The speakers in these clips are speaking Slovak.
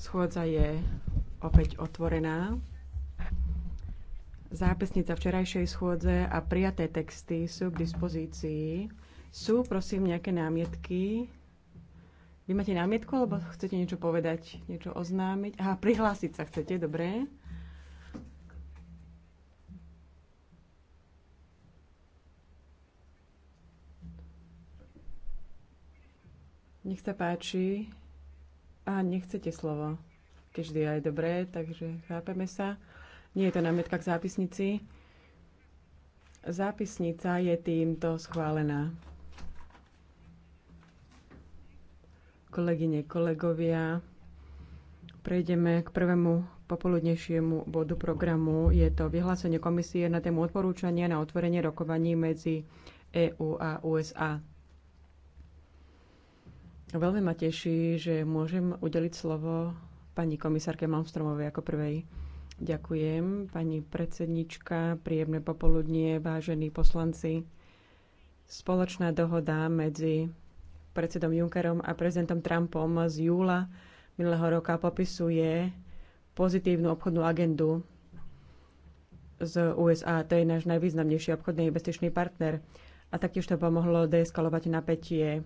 Schôdza je opäť otvorená. Zápisnica včerajšej schôdze a prijaté texty sú k dispozícii. Sú, prosím, nejaké námietky? Vy máte námietku, alebo chcete niečo povedať, niečo oznámiť? Aha, prihlásiť sa chcete, dobre. Nech sa páči. A nechcete slovo. Každý aj dobré, takže chápeme sa. Nie je to námietka k zápisnici. Zápisnica je týmto schválená. Kolegyne, kolegovia, prejdeme k prvému popoludnejšiemu bodu programu. Je to vyhlásenie komisie na tému odporúčania na otvorenie rokovaní medzi EÚ a USA. Veľmi ma teší, že môžem udeliť slovo pani komisárke Malmstromovej ako prvej. Ďakujem, pani predsednička, príjemné popoludnie, vážení poslanci. Spoločná dohoda medzi predsedom Junckerom a prezidentom Trumpom z júla minulého roka popisuje pozitívnu obchodnú agendu z USA. To je náš najvýznamnejší obchodný investičný partner. A taktiež to pomohlo deeskalovať napätie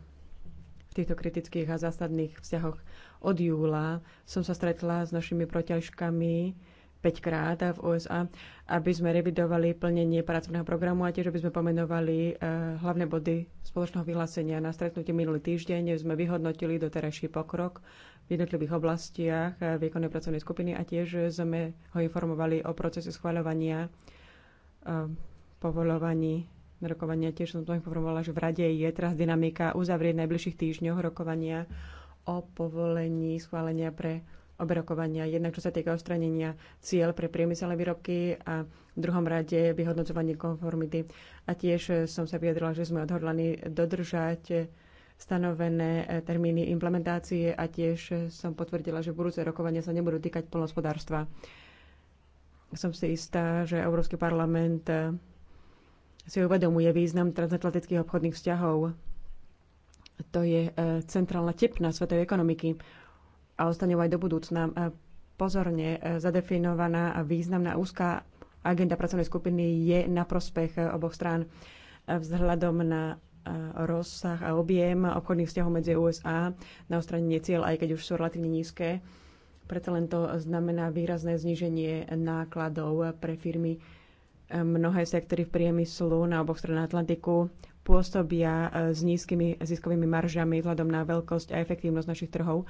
týchto kritických a zásadných vzťahoch. Od júla som sa stretla s našimi protiažkami 5 krát v USA, aby sme revidovali plnenie pracovného programu a tiež aby sme pomenovali eh, hlavné body spoločného vyhlásenia. Na stretnutí minulý týždeň sme vyhodnotili doterajší pokrok v jednotlivých oblastiach eh, výkonnej pracovnej skupiny a tiež sme ho informovali o procese schváľovania eh, povolovaní rokovania. Tiež som to informovala, že v rade je teraz dynamika uzavrieť najbližších týždňoch rokovania o povolení schválenia pre obe rokovania. Jednak čo sa týka ostranenia cieľ pre priemyselné výrobky a v druhom rade vyhodnocovanie konformity. A tiež som sa vyjadrila, že sme odhodlani dodržať stanovené e, termíny implementácie a tiež som potvrdila, že budúce rokovania sa nebudú týkať polnospodárstva. Som si istá, že Európsky parlament si uvedomuje význam transatlantických obchodných vzťahov. To je e, centrálna tepna svetovej ekonomiky a ostane aj do budúcna. E, pozorne e, zadefinovaná a významná úzká agenda pracovnej skupiny je na prospech oboch strán vzhľadom na rozsah a objem obchodných vzťahov medzi USA na ostranenie cieľ, aj keď už sú relatívne nízke. Preto len to znamená výrazné zníženie nákladov pre firmy Mnohé sektory v priemyslu na oboch stranách Atlantiku pôsobia eh, s nízkymi ziskovými maržami vzhľadom na veľkosť a efektívnosť našich trhov.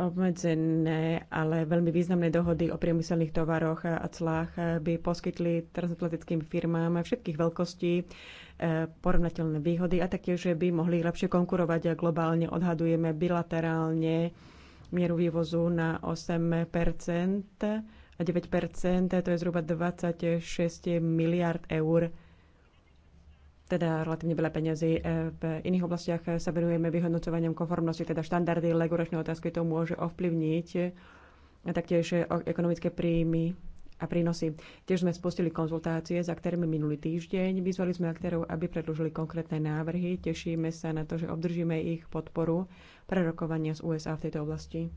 Obmedzené, ale veľmi významné dohody o priemyselných tovaroch a clách eh, by poskytli transatlantickým firmám všetkých veľkostí eh, porovnateľné výhody a taktiež by mohli lepšie konkurovať globálne. Odhadujeme bilaterálne mieru vývozu na 8 9 to je zhruba 26 miliard eur, teda relatívne veľa peňazí. Eh, v iných oblastiach sa venujeme vyhodnocovaniam konformnosti, teda štandardy, legoračné otázky to môže ovplyvniť a eh, taktiež eh, ekonomické príjmy a prínosy. Tiež sme spustili konzultácie s aktérmi minulý týždeň. Vyzvali sme aktérov, aby predložili konkrétne návrhy. Tešíme sa na to, že obdržíme ich podporu pre rokovania z USA v tejto oblasti.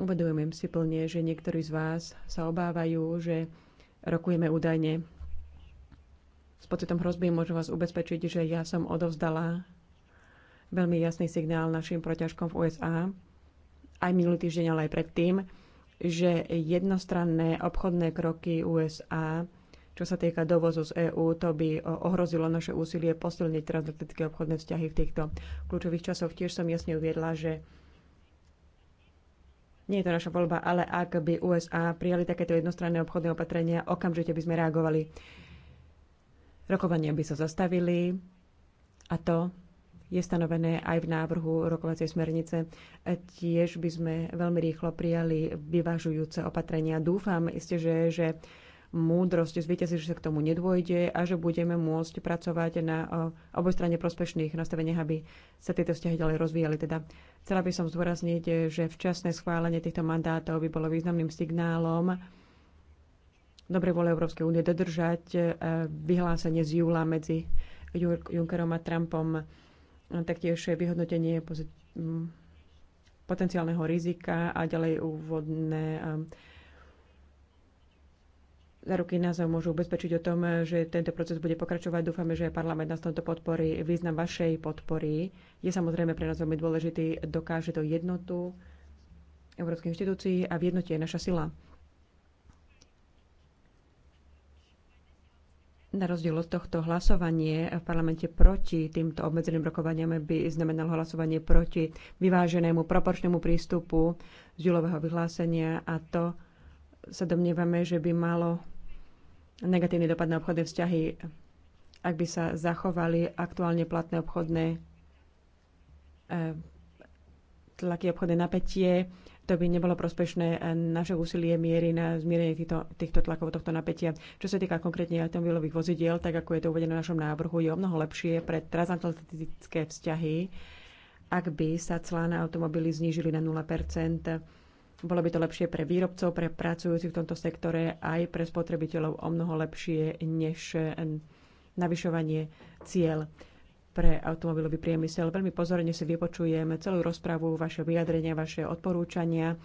Uvedujem si plne, že niektorí z vás sa obávajú, že rokujeme údajne. S pocitom hrozby môžem vás ubezpečiť, že ja som odovzdala veľmi jasný signál našim proťažkom v USA, aj minulý týždeň, ale aj predtým, že jednostranné obchodné kroky USA, čo sa týka dovozu z EÚ, to by eh, ohrozilo naše úsilie posilniť transatlantické obchodné vzťahy v týchto kľúčových časoch. Tiež som jasne uviedla, že nie je to naša voľba, ale ak by USA prijali takéto jednostranné obchodné opatrenia, okamžite by sme reagovali. Rokovania by sa zastavili a to je stanovené aj v návrhu rokovacej smernice. Tiež by sme veľmi rýchlo prijali vyvážujúce opatrenia. Dúfam iste, že, že múdrosť zvýťazí, že sa k tomu nedôjde a že budeme môcť pracovať na e, oboj strane prospešných nastaveniach, aby sa tieto vzťahy ďalej rozvíjali. Teda chcela by som zdôrazniť, že včasné schválenie týchto mandátov by bolo významným signálom dobrej vole Európskej únie dodržať e, vyhlásenie z júla medzi Junckerom a Trumpom taktiež vyhodnotenie potenciálneho rizika a ďalej úvodné e, za ruky nás môžu ubezpečiť o tom, že tento proces bude pokračovať. Dúfame, že parlament nás tomto podporí. Význam vašej podpory je samozrejme pre nás veľmi dôležitý. Dokáže to jednotu Európskej inštitúcií a v jednote je naša sila. Na rozdiel od tohto hlasovanie v parlamente proti týmto obmedzeným rokovaniam by znamenalo hlasovanie proti vyváženému proporčnému prístupu z vyhlásenia a to sa domnievame, že by malo negatívny dopad na obchodné vzťahy, ak by sa zachovali aktuálne platné obchodné eh, tlaky, obchodné napätie, to by nebolo prospešné. Eh, naše úsilie miery na zmierenie týchto, týchto tlakov, tohto napätia. Čo sa týka konkrétne automobilových vozidiel, tak ako je to uvedené v našom návrhu, je o mnoho lepšie pre transatlantické vzťahy, ak by sa clá na automobily znížili na 0 bolo by to lepšie pre výrobcov, pre pracujúcich v tomto sektore, aj pre spotrebiteľov o mnoho lepšie než navyšovanie cieľ pre automobilový priemysel. Veľmi pozorne si vypočujem celú rozpravu, vaše vyjadrenia, vaše odporúčania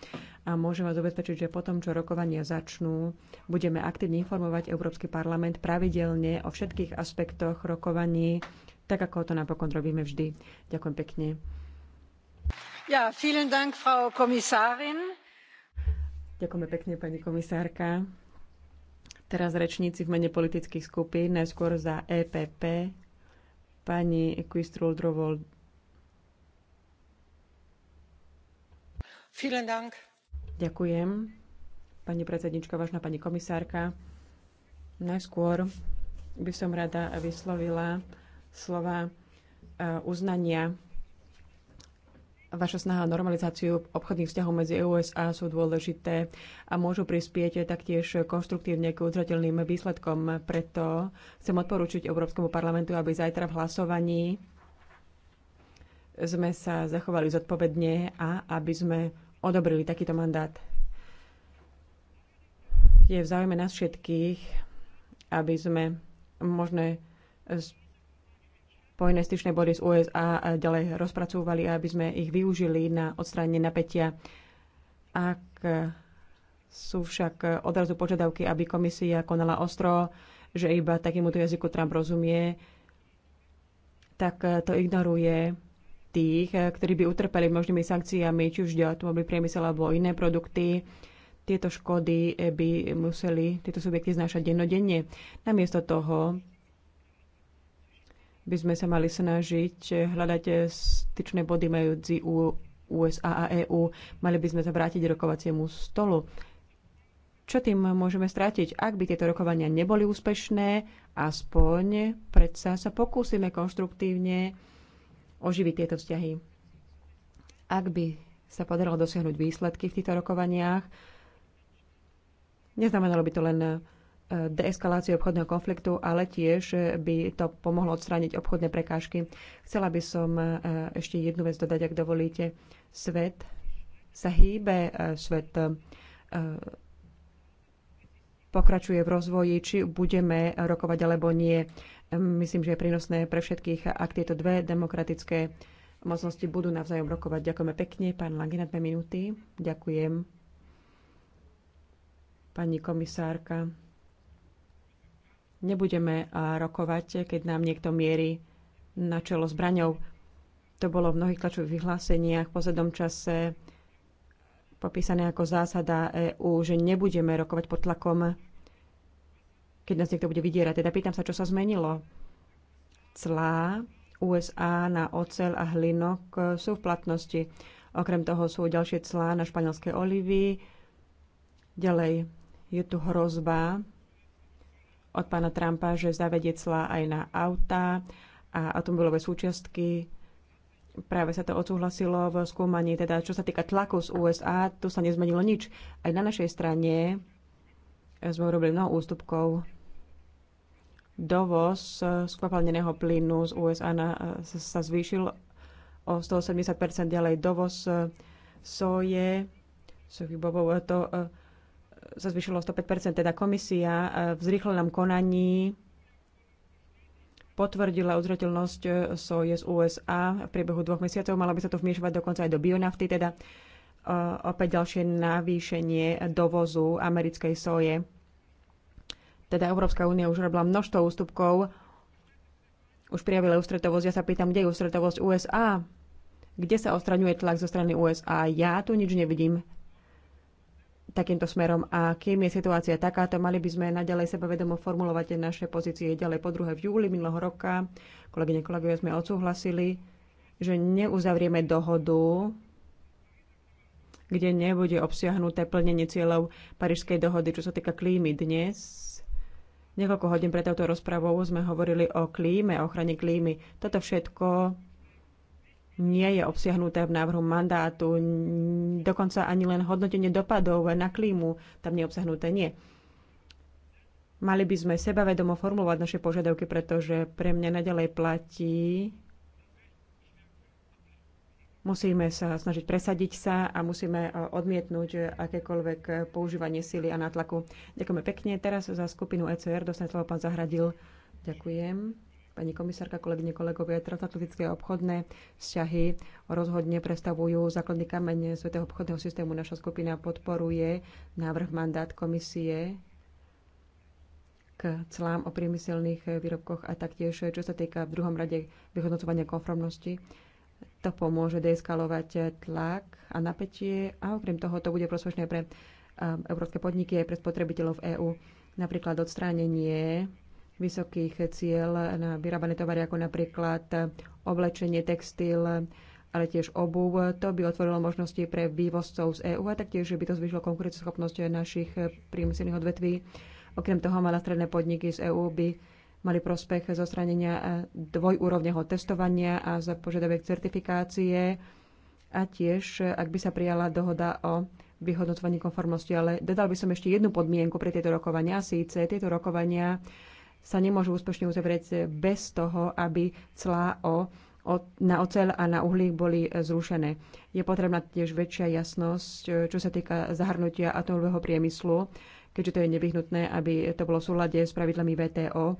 a môžem vás ubezpečiť, že potom, čo rokovania začnú, budeme aktívne informovať Európsky parlament pravidelne o všetkých aspektoch rokovaní, tak ako to napokon robíme vždy. Ďakujem pekne. Ja, vielen Dank, Frau Kommissarin. Ďakujeme pekne, pani komisárka. Teraz rečníci v mene politických skupín, najskôr za EPP, pani Equistrul Drovol. Ďakujem. Pani predsednička, vážna pani komisárka, najskôr by som rada vyslovila slova eh, uznania Vaša snaha o normalizáciu obchodných vzťahov medzi e USA sú dôležité a môžu prispieť taktiež konštruktívne k udržateľným výsledkom. Preto chcem odporúčiť Európskemu parlamentu, aby zajtra v hlasovaní sme sa zachovali zodpovedne a aby sme odobrili takýto mandát. Je v záujme nás všetkých, aby sme možné poinvestičné body z USA ďalej rozpracúvali, aby sme ich využili na odstránenie napätia. Ak sú však odrazu požiadavky, aby komisia konala ostro, že iba takémuto jazyku Trump rozumie, tak to ignoruje tých, ktorí by utrpeli možnými sankciami, či už to automobil priemysel alebo iné produkty. Tieto škody by museli tieto subjekty znášať dennodenne. Namiesto toho by sme sa mali snažiť hľadať styčné body medzi USA a EÚ. Mali by sme sa vrátiť rokovaciemu stolu. Čo tým môžeme strátiť? Ak by tieto rokovania neboli úspešné, aspoň predsa sa pokúsime konštruktívne oživiť tieto vzťahy. Ak by sa podarilo dosiahnuť výsledky v týchto rokovaniach, neznamenalo by to len deeskaláciu obchodného konfliktu, ale tiež by to pomohlo odstrániť obchodné prekážky. Chcela by som e, ešte jednu vec dodať, ak dovolíte. Svet sa hýbe, e, svet e, pokračuje v rozvoji, či budeme rokovať alebo nie. Myslím, že je prínosné pre všetkých, ak tieto dve demokratické mocnosti budú navzájom rokovať. Ďakujeme pekne. Pán Lange na dve minúty. Ďakujem. Pani komisárka. Nebudeme rokovať, keď nám niekto mierí na čelo zbraňov. To bolo v mnohých tlačových vyhláseniach v poslednom čase popísané ako zásada EÚ, že nebudeme rokovať pod tlakom, keď nás niekto bude vydierať. Teda pýtam sa, čo sa zmenilo. Clá USA na ocel a hlinok sú v platnosti. Okrem toho sú ďalšie clá na španielské olivy. Ďalej je tu hrozba od pána Trumpa, že zavedie clá aj na autá a automobilové súčiastky. Práve sa to odsúhlasilo v skúmaní, teda čo sa týka tlaku z USA, tu sa nezmenilo nič. Aj na našej strane sme urobili mnoho ústupkov. Dovoz skvapalneného plynu z USA na, sa zvýšil o 180 ďalej. Dovoz soje, sohy bobov, to sa zvyšilo 105 teda komisia e, v zrýchlenom konaní potvrdila uzrateľnosť e, soje z USA v priebehu dvoch mesiacov. Malo by sa to vmiešovať dokonca aj do bionafty, teda e, opäť ďalšie navýšenie dovozu americkej soje. Teda Európska únia už robila množstvo ústupkov, už prijavila ústretovosť. Ja sa pýtam, kde je ústretovosť USA? Kde sa ostraňuje tlak zo strany USA? Ja tu nič nevidím takýmto smerom a kým je situácia takáto, mali by sme naďalej sebavedomo formulovať naše pozície ďalej. Po druhé, v júli minulého roka, kolegyne, kolegovia, sme odsúhlasili, že neuzavrieme dohodu, kde nebude obsiahnuté plnenie cieľov Parížskej dohody, čo sa týka klímy dnes. Niekoľko hodín pred touto rozpravou sme hovorili o klíme, o ochrane klímy. Toto všetko nie je obsiahnuté v návrhu mandátu, dokonca ani len hodnotenie dopadov na klímu tam nie je obsiahnuté. Nie. Mali by sme sebavedomo formulovať naše požiadavky, pretože pre mňa nadalej platí, musíme sa snažiť presadiť sa a musíme e, odmietnúť akékoľvek používanie sily a nátlaku. Ďakujeme pekne. Teraz za skupinu ECR dostane slovo pán Zahradil. Ďakujem. Pani komisárka, kolegyne, kolegovia, transatlantické obchodné vzťahy rozhodne predstavujú základný kameň Svetého obchodného systému. Naša skupina podporuje návrh mandát komisie k clám o priemyselných výrobkoch a taktiež, čo sa týka v druhom rade vyhodnocovania konformnosti, to pomôže deeskalovať tlak a napätie a okrem toho to bude prospešné pre um, európske podniky aj pre spotrebiteľov EÚ. Napríklad odstránenie vysokých cieľ na vyrábané tovary, ako napríklad oblečenie, textil, ale tiež obuv. To by otvorilo možnosti pre vývozcov z EÚ a taktiež by to zvýšilo konkurenceschopnosť našich priemyselných odvetví. Okrem toho malé stredné podniky z EÚ by mali prospech zo stranenia dvojúrovneho testovania a za požiadavek certifikácie a tiež, ak by sa prijala dohoda o vyhodnotovaní konformnosti. Ale dodal by som ešte jednu podmienku pre tieto rokovania. Síce tieto rokovania sa nemôžu úspešne uzavrieť bez toho, aby clá o, o, na oceľ a na uhlík boli zrušené. Je potrebná tiež väčšia jasnosť, čo sa týka zahrnutia atomového priemyslu, keďže to je nevyhnutné, aby to bolo v súlade s pravidlami VTO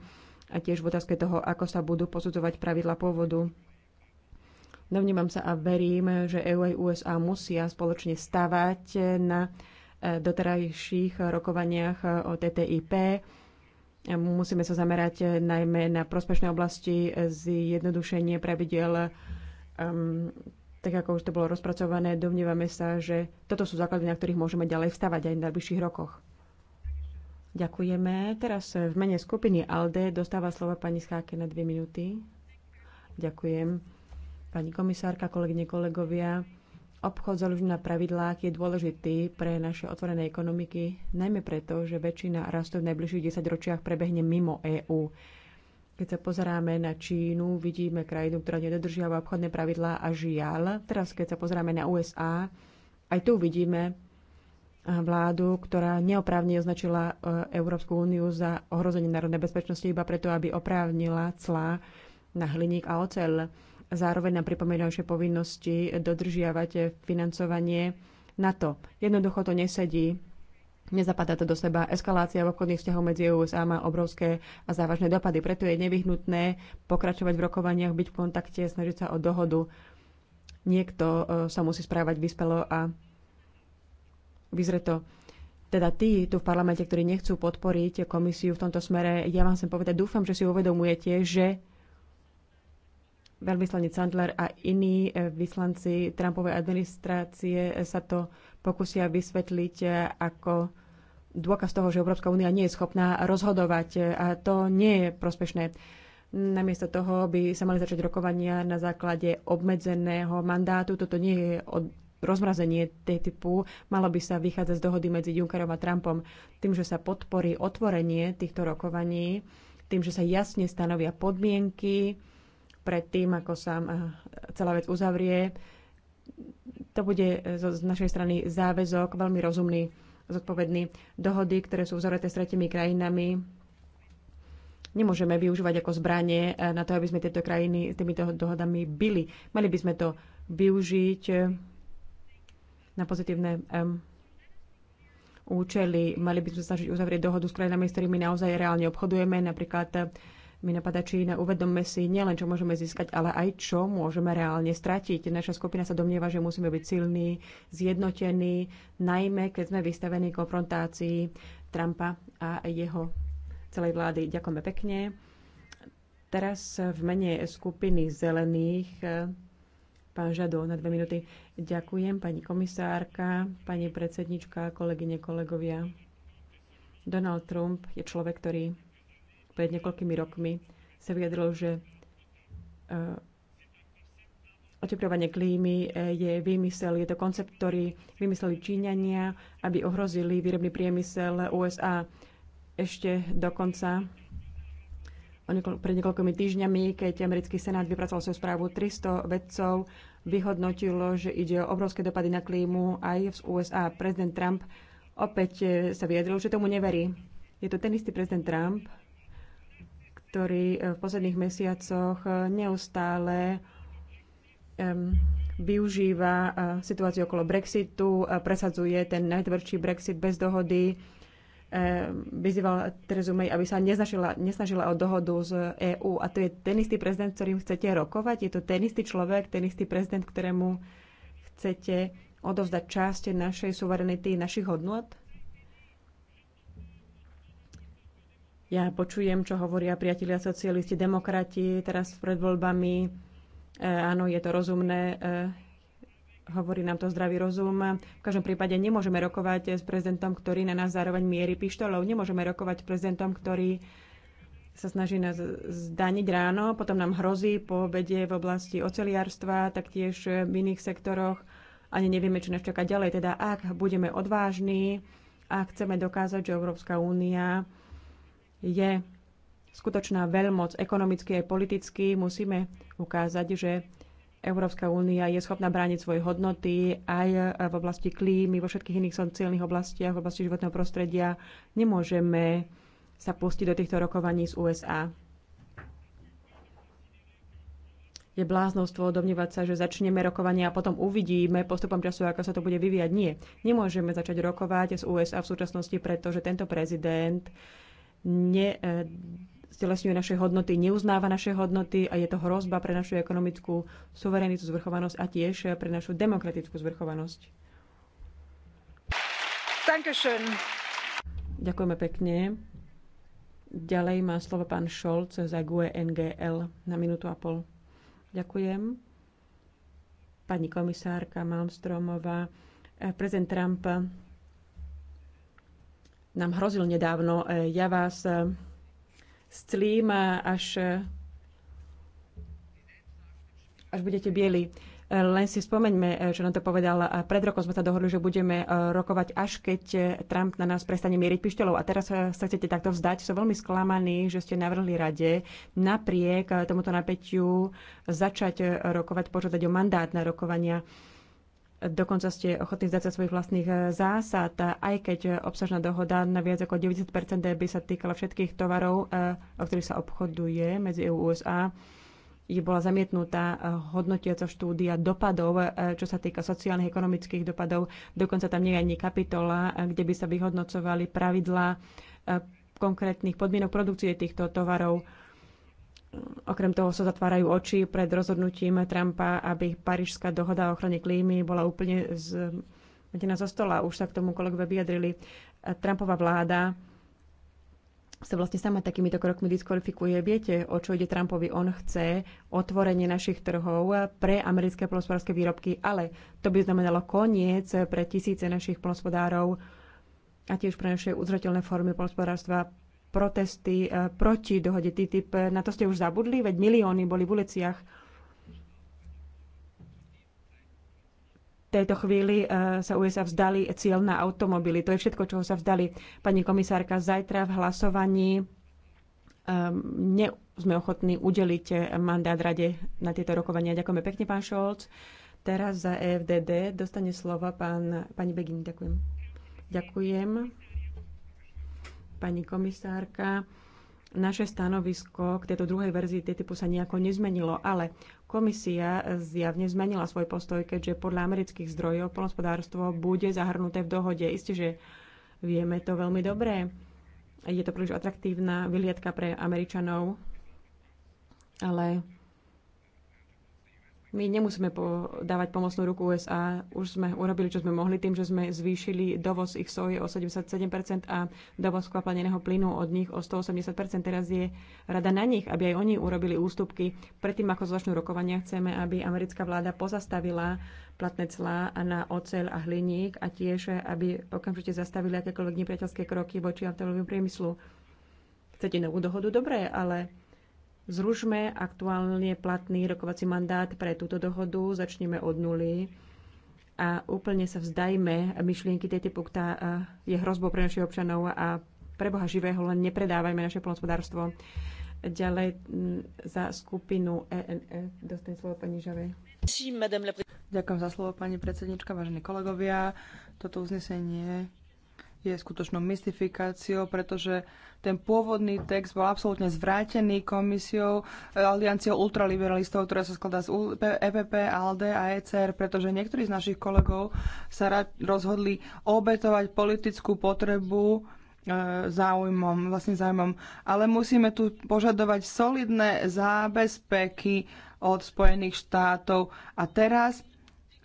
a tiež v otázke toho, ako sa budú posudzovať pravidla pôvodu. Domnívam sa a verím, že EU a USA musia spoločne stavať na e, doterajších rokovaniach o TTIP, Musíme sa zamerať eh, najmä na prospešné oblasti eh, zjednodušenie pravidel, um, tak ako už to bolo rozpracované. domnívame sa, že toto sú základy, na ktorých môžeme ďalej vstávať aj v najbližších rokoch. Ďakujeme. Teraz eh, v mene skupiny ALDE dostáva slovo pani Scháke na dve minúty. Ďakujem. Pani komisárka, kolegyne, kolegovia. Obchod založený na pravidlách je dôležitý pre naše otvorené ekonomiky, najmä preto, že väčšina rastu v najbližších 10 ročiach prebehne mimo EÚ. Keď sa pozeráme na Čínu, vidíme krajinu, ktorá nedodržiava obchodné pravidlá a žiaľ. Teraz, keď sa pozeráme na USA, aj tu vidíme vládu, ktorá neoprávne označila e, Európsku úniu za ohrozenie národnej bezpečnosti iba preto, aby oprávnila clá na hliník a oceľ. Zároveň nám pripomínajú, že povinnosti dodržiavať financovanie na to. Jednoducho to nesedí. Nezapadá to do seba. Eskalácia v obchodných vzťahov medzi e USA má obrovské a závažné dopady. Preto je nevyhnutné pokračovať v rokovaniach, byť v kontakte, snažiť sa o dohodu. Niekto e, sa musí správať vyspelo a to. Teda tí tu v parlamente, ktorí nechcú podporiť komisiu v tomto smere, ja vám chcem povedať, dúfam, že si uvedomujete, že veľvyslanec Sandler a iní e, vyslanci Trumpovej administrácie sa to pokusia vysvetliť e, ako dôkaz toho, že Európska únia nie je schopná rozhodovať e, a to nie je prospešné. Namiesto toho by sa mali začať rokovania na základe obmedzeného mandátu. Toto nie je od rozmrazenie typu malo by sa vychádzať z dohody medzi Junckerom a Trumpom tým, že sa podporí otvorenie týchto rokovaní, tým, že sa jasne stanovia podmienky, predtým, ako sa eh, celá vec uzavrie. To bude eh, z našej strany záväzok veľmi rozumný, zodpovedný. Dohody, ktoré sú vzorete s tretimi krajinami, nemôžeme využívať ako zbranie eh, na to, aby sme tieto krajiny s týmito dohodami byli. Mali by sme to využiť na pozitívne um, účely. Mali by sme snažiť uzavrieť dohodu s krajinami, s ktorými naozaj reálne obchodujeme, napríklad mi napadá na Uvedomme si nielen, čo môžeme získať, ale aj čo môžeme reálne stratiť. Naša skupina sa domnieva, že musíme byť silní, zjednotení, najmä keď sme vystavení konfrontácii Trumpa a jeho celej vlády. Ďakujeme pekne. Teraz v mene skupiny zelených eh, pán Žado na dve minúty. Ďakujem pani komisárka, pani predsednička, kolegyne, kolegovia. Donald Trump je človek, ktorý pred niekoľkými rokmi sa vyjadrilo, že e, oteplovanie klímy e, je výmysel, je to koncept, ktorý vymysleli Číňania, aby ohrozili výrobný priemysel USA ešte dokonca pred niekoľkými týždňami, keď americký senát vypracoval svoju správu, 300 vedcov vyhodnotilo, že ide o obrovské dopady na klímu aj v USA. Prezident Trump opäť e, sa vyjadril, že tomu neverí. Je to ten istý prezident Trump, ktorí e, v posledných mesiacoch e, neustále využíva e, situáciu okolo Brexitu, presadzuje ten najtvrdší Brexit bez dohody, vyzýval Terezu May, aby sa neznašila, nesnažila o dohodu z EÚ. A to je ten istý prezident, s ktorým chcete rokovať? Je to ten istý človek, ten istý prezident, ktorému chcete odovzdať časť našej suverenity, našich hodnot? Ja počujem, čo hovoria priatelia socialisti, demokrati teraz pred voľbami. E, áno, je to rozumné. E, hovorí nám to zdravý rozum. V každom prípade nemôžeme rokovať s prezidentom, ktorý na nás zároveň mierí pištolov. Nemôžeme rokovať s prezidentom, ktorý sa snaží nás zdaniť ráno, potom nám hrozí po obede v oblasti oceliarstva, taktiež v iných sektoroch. Ani nevieme, čo nás čaká ďalej. Teda ak budeme odvážni a chceme dokázať, že Európska únia je skutočná veľmoc ekonomicky aj politicky, musíme ukázať, že Európska únia je schopná brániť svoje hodnoty aj v oblasti klímy, vo všetkých iných sociálnych oblastiach, v oblasti životného prostredia. Nemôžeme sa pustiť do týchto rokovaní z USA. Je bláznostvo domnievať sa, že začneme rokovanie a potom uvidíme postupom času, ako sa to bude vyvíjať. Nie, nemôžeme začať rokovať z USA v súčasnosti, pretože tento prezident uh, Ne e, stelesňuje naše hodnoty, neuznáva naše hodnoty a je to hrozba pre našu ekonomickú suverenitu, zvrchovanosť a tiež e, pre našu demokratickú zvrchovanosť. Dankeschön. Ďakujeme pekne. Ďalej má slovo pán Šolc za GUE NGL na minútu a pol. Ďakujem. Pani komisárka Malmstromová, e, prezident Trump nám hrozil nedávno. E, ja vás e, stlím, e, až, až budete bieli. Len si spomeňme, čo nám to povedal. Pred rokom sme sa dohodli, že budeme rokovať, až keď Trump na nás prestane mieriť pištolou. A teraz sa chcete takto vzdať. Som veľmi sklamaný, že ste navrhli rade napriek tomuto napätiu začať rokovať, požiadať o mandát na rokovania Dokonca ste ochotní vzdať sa svojich vlastných eh, zásad, aj keď obsažná dohoda na viac ako 90 by sa týkala všetkých tovarov, eh, o ktorých sa obchoduje medzi EU a USA. Je bola zamietnutá eh, hodnotiaca štúdia dopadov, čo sa týka sociálnych, ekonomických dopadov. Dokonca tam nie je ani kapitola, kde by sa vyhodnocovali pravidlá konkrétnych podmienok produkcie týchto tovarov Okrem toho sa zatvárajú oči pred rozhodnutím Trumpa, aby Parížská dohoda o ochrane klímy bola úplne z, zo stola. Už sa k tomu kolegovia vyjadrili. Trumpova vláda sa vlastne sama takýmito krokmi diskvalifikuje. Viete, o čo ide Trumpovi? On chce otvorenie našich trhov pre americké polospodárske výrobky, ale to by znamenalo koniec pre tisíce našich polospodárov a tiež pre naše uzrateľné formy polospodárstva protesty e, proti dohode TTIP. Na to ste už zabudli, veď milióny boli v uliciach. V tejto chvíli e, sa USA vzdali cieľ na automobily. To je všetko, čoho sa vzdali. Pani komisárka, zajtra v hlasovaní e, ne, sme ochotní udeliť mandát rade na tieto rokovania. Ďakujeme pekne, pán Šolc. Teraz za EFDD dostane slovo pán, pani Begin. Ďakujem. Ďakujem pani komisárka, naše stanovisko k tejto druhej verzii TTIPu sa nejako nezmenilo, ale komisia zjavne zmenila svoj postoj, keďže podľa amerických zdrojov polnospodárstvo bude zahrnuté v dohode. Isté, že vieme to veľmi dobre. Je to príliš atraktívna vyliadka pre Američanov, ale my nemusíme po- dávať pomocnú ruku USA. Už sme urobili, čo sme mohli tým, že sme zvýšili dovoz ich soje o 77% a dovoz kvapaneného plynu od nich o 180%. Teraz je rada na nich, aby aj oni urobili ústupky. Predtým, ako začnú rokovania, chceme, aby americká vláda pozastavila platné clá na oceľ a hliník a tiež, aby okamžite zastavili akékoľvek nepriateľské kroky voči automobilovému priemyslu. Chcete novú dohodu? Dobré, ale Zružme aktuálne platný rokovací mandát pre túto dohodu, začneme od nuly a úplne sa vzdajme myšlienky tej typu, ktorá e, je hrozbou pre našich občanov a pre Boha živého len nepredávajme naše polnospodárstvo. Ďalej za skupinu ENF e Dostaň slovo pani Žave. Ďakujem za slovo, pani predsednička, vážení kolegovia. Toto uznesenie je skutočnou mystifikáciou, pretože ten pôvodný text bol absolútne zvrátený komisiou, e, alianciou ultraliberalistov, ktorá sa skladá z EPP, ALD e a ECR, pretože niektorí z našich kolegov sa rozhodli obetovať politickú potrebu e, záujmom, vlastne záujmom. Ale musíme tu požadovať solidné zábezpeky od Spojených štátov. A teraz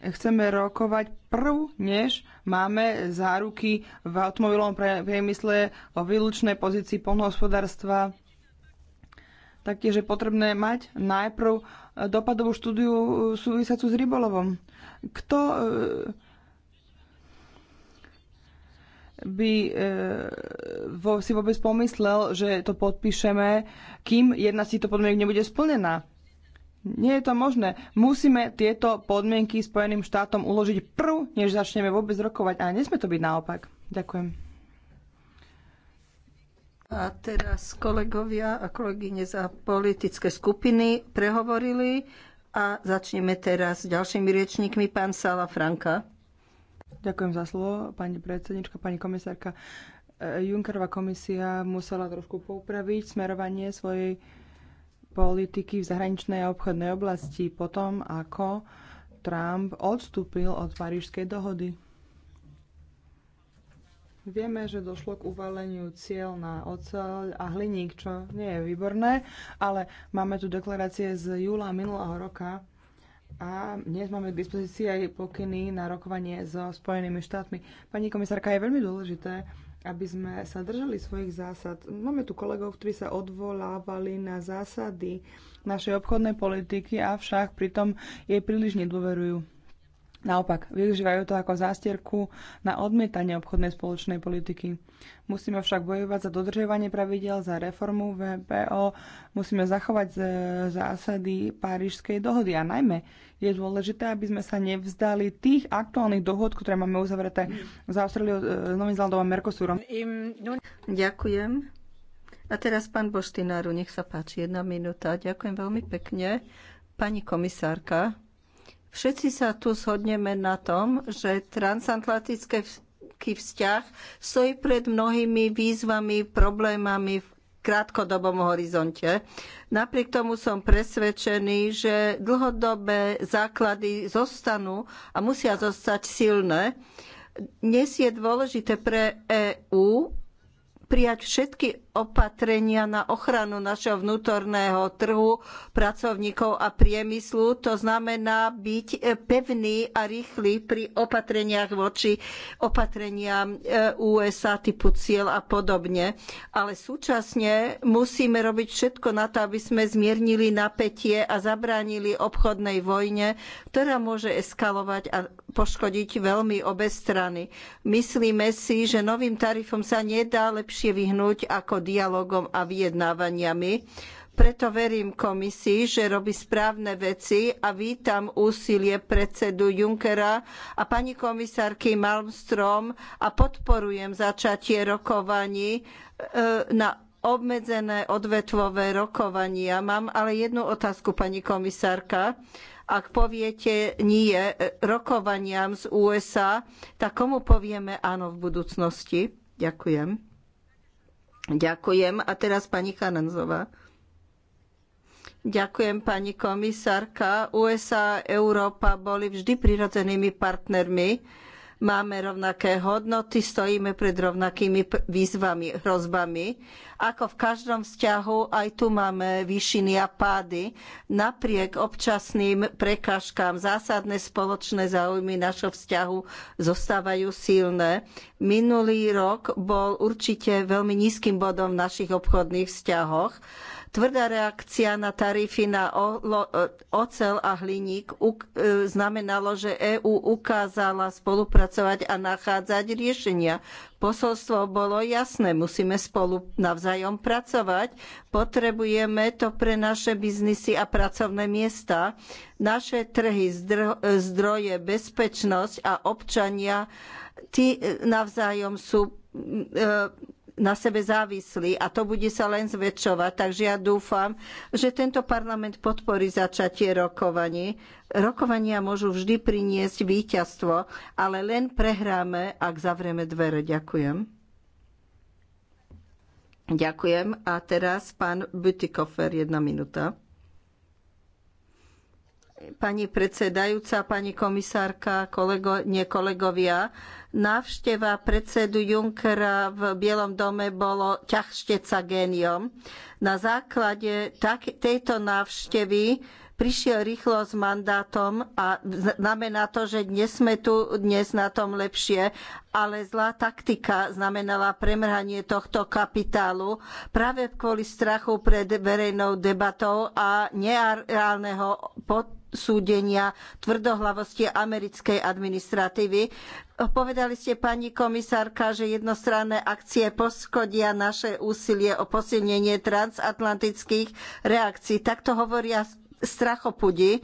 chceme rokovať prv, než máme záruky v automobilovom priemysle o výlučnej pozícii polnohospodárstva. Taktiež je potrebné mať najprv e, dopadovú štúdiu e, súvisiacu s rybolovom. Kto e, by si vôbec pomyslel, že to podpíšeme, kým jedna z týchto podmienok nebude splnená? Nie je to možné. Musíme tieto podmienky Spojeným štátom uložiť prv, než začneme vôbec rokovať. A nesme to byť naopak. Ďakujem. A teraz kolegovia a kolegyne za politické skupiny prehovorili a začneme teraz s ďalšími riečníkmi. Pán Sala Franka. Ďakujem za slovo, pani predsednička, pani komisárka. E, Junkerová komisia musela trošku poupraviť smerovanie svojej politiky v zahraničnej a obchodnej oblasti po tom, ako Trump odstúpil od Parížskej dohody. Vieme, že došlo k uvaleniu cieľ na oceľ a hliník, čo nie je výborné, ale máme tu deklarácie z júla minulého roka a dnes máme k dispozícii aj pokyny na rokovanie so Spojenými štátmi. Pani komisárka, je veľmi dôležité, aby sme sa držali svojich zásad. Máme tu kolegov, ktorí sa odvolávali na zásady našej obchodnej politiky, avšak pritom jej príliš nedôverujú. Naopak, využívajú to ako zástierku na odmietanie obchodnej spoločnej politiky. Musíme však bojovať za dodržiavanie pravidel, za reformu VPO, musíme zachovať e, zásady Párižskej dohody a najmä je dôležité, aby sme sa nevzdali tých aktuálnych dohod, ktoré máme uzavreté s Austráliou, e, s Novým Zelandom a Mercosurom. Ďakujem. A teraz pán Boštináru, nech sa páči, jedna minúta. Ďakujem veľmi pekne. Pani komisárka, Všetci sa tu shodneme na tom, že transatlantické vzťah stojí pred mnohými výzvami, problémami v krátkodobom horizonte. Napriek tomu som presvedčený, že dlhodobé základy zostanú a musia zostať silné. Dnes je dôležité pre EÚ prijať všetky opatrenia na ochranu našeho vnútorného trhu, pracovníkov a priemyslu. To znamená byť pevný a rýchly pri opatreniach voči opatreniam e, USA typu cieľ a podobne. Ale súčasne musíme robiť všetko na to, aby sme zmiernili napätie a zabránili obchodnej vojne, ktorá môže eskalovať a poškodiť veľmi obe strany. Myslíme si, že novým tarifom sa nedá lepšie vyhnúť ako dialogom a vyjednávaniami. Preto verím komisii, že robí správne veci a vítam úsilie predsedu Junckera a pani komisárky Malmstrom a podporujem začatie rokovaní e, na obmedzené odvetvové rokovania. Mám ale jednu otázku, pani komisárka ak poviete nie e, rokovaniam z USA, tak komu povieme áno v budúcnosti? Ďakujem. Ďakujem. A teraz pani Kananzová. Ďakujem, pani komisárka. USA a Európa boli vždy prirodzenými partnermi máme rovnaké hodnoty, stojíme pred rovnakými výzvami, hrozbami. Ako v každom vzťahu, aj tu máme výšiny a pády. Napriek občasným prekážkám zásadné spoločné záujmy našho vzťahu zostávajú silné. Minulý rok bol určite veľmi nízkym bodom v našich obchodných vzťahoch. Tvrdá reakcia na tarify na e, ocel a hliník e, znamenalo, že EÚ ukázala spolupracovať a nachádzať riešenia. Posolstvo bolo jasné, musíme spolu navzájom pracovať, potrebujeme to pre naše biznisy a pracovné miesta, naše trhy, e, zdroje, bezpečnosť a občania, tí navzájom sú na sebe závislí a to bude sa len zväčšovať. Takže ja dúfam, že tento parlament podporí začatie rokovaní. Rokovania môžu vždy priniesť víťazstvo, ale len prehráme, ak zavrieme dvere. Ďakujem. Ďakujem. A teraz pán Butikofer, jedna minúta pani predsedajúca, pani komisárka, kolego, nie kolegovia. Návšteva predsedu Junckera v Bielom dome bolo ťažšteca géniom. Na základe tak, tejto návštevy prišiel rýchlo s mandátom a znamená to, že dnes sme tu dnes na tom lepšie, ale zlá taktika znamenala premrhanie tohto kapitálu práve kvôli strachu pred verejnou debatou a nereálneho posúdenia tvrdohlavosti americkej administratívy. Povedali ste, pani komisárka, že jednostranné akcie poškodia naše úsilie o posilnenie transatlantických reakcií. Takto hovoria strachopudi.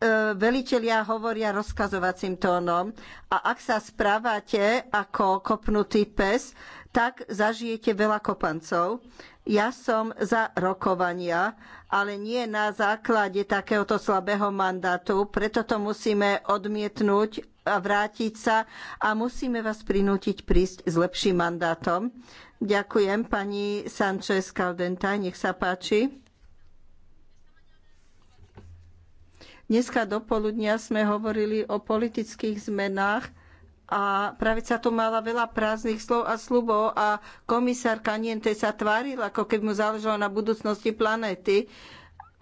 E, velitelia hovoria rozkazovacím tónom a ak sa správate ako kopnutý pes, tak zažijete veľa kopancov. Ja som za rokovania, ale nie na základe takéhoto slabého mandátu, preto to musíme odmietnúť a vrátiť sa a musíme vás prinútiť prísť s lepším mandátom. Ďakujem pani Sanchez Caldenta, nech sa páči. Dneska dopoludnia sme hovorili o politických zmenách a pravica tu mala veľa prázdnych slov a slubov a komisár Kaniente sa tváril, ako keby mu záležalo na budúcnosti planéty.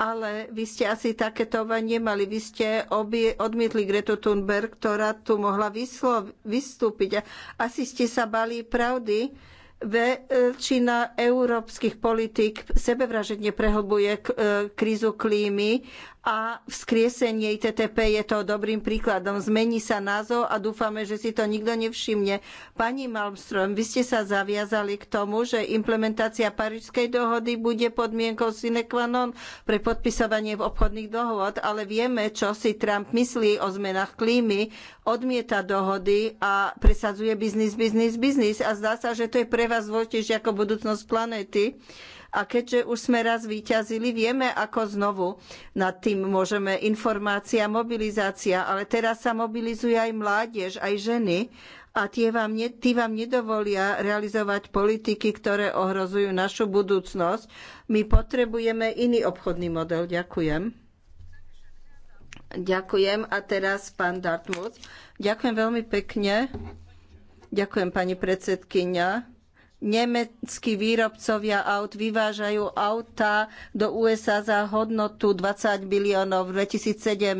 Ale vy ste asi takéto nemali. Vy ste obie odmietli Gretu Thunberg, ktorá tu mohla vyslov, vystúpiť. Asi ste sa bali pravdy. Väčšina európskych politík sebevražedne prehlbuje e, krízu klímy a vzkriesenie ITTP je to dobrým príkladom. Zmení sa názov a dúfame, že si to nikto nevšimne. Pani Malmström, vy ste sa zaviazali k tomu, že implementácia Parížskej dohody bude podmienkou sine qua non pre podpisovanie obchodných dohôd, ale vieme, čo si Trump myslí o zmenách klímy, odmieta dohody a presadzuje biznis, biznis, biznis a zdá sa, že to je pre vás dôležitejšie ako budúcnosť planéty. A keďže už sme raz vyťazili, vieme, ako znovu nad tým môžeme informácia, mobilizácia, ale teraz sa mobilizuje aj mládež, aj ženy a tie vám, ne, tí vám nedovolia realizovať politiky, ktoré ohrozujú našu budúcnosť. My potrebujeme iný obchodný model. Ďakujem. Ďakujem. A teraz pán Dartmouth. Ďakujem veľmi pekne. Ďakujem, pani predsedkynia nemeckí výrobcovia aut vyvážajú auta do USA za hodnotu 20 biliónov v 2017.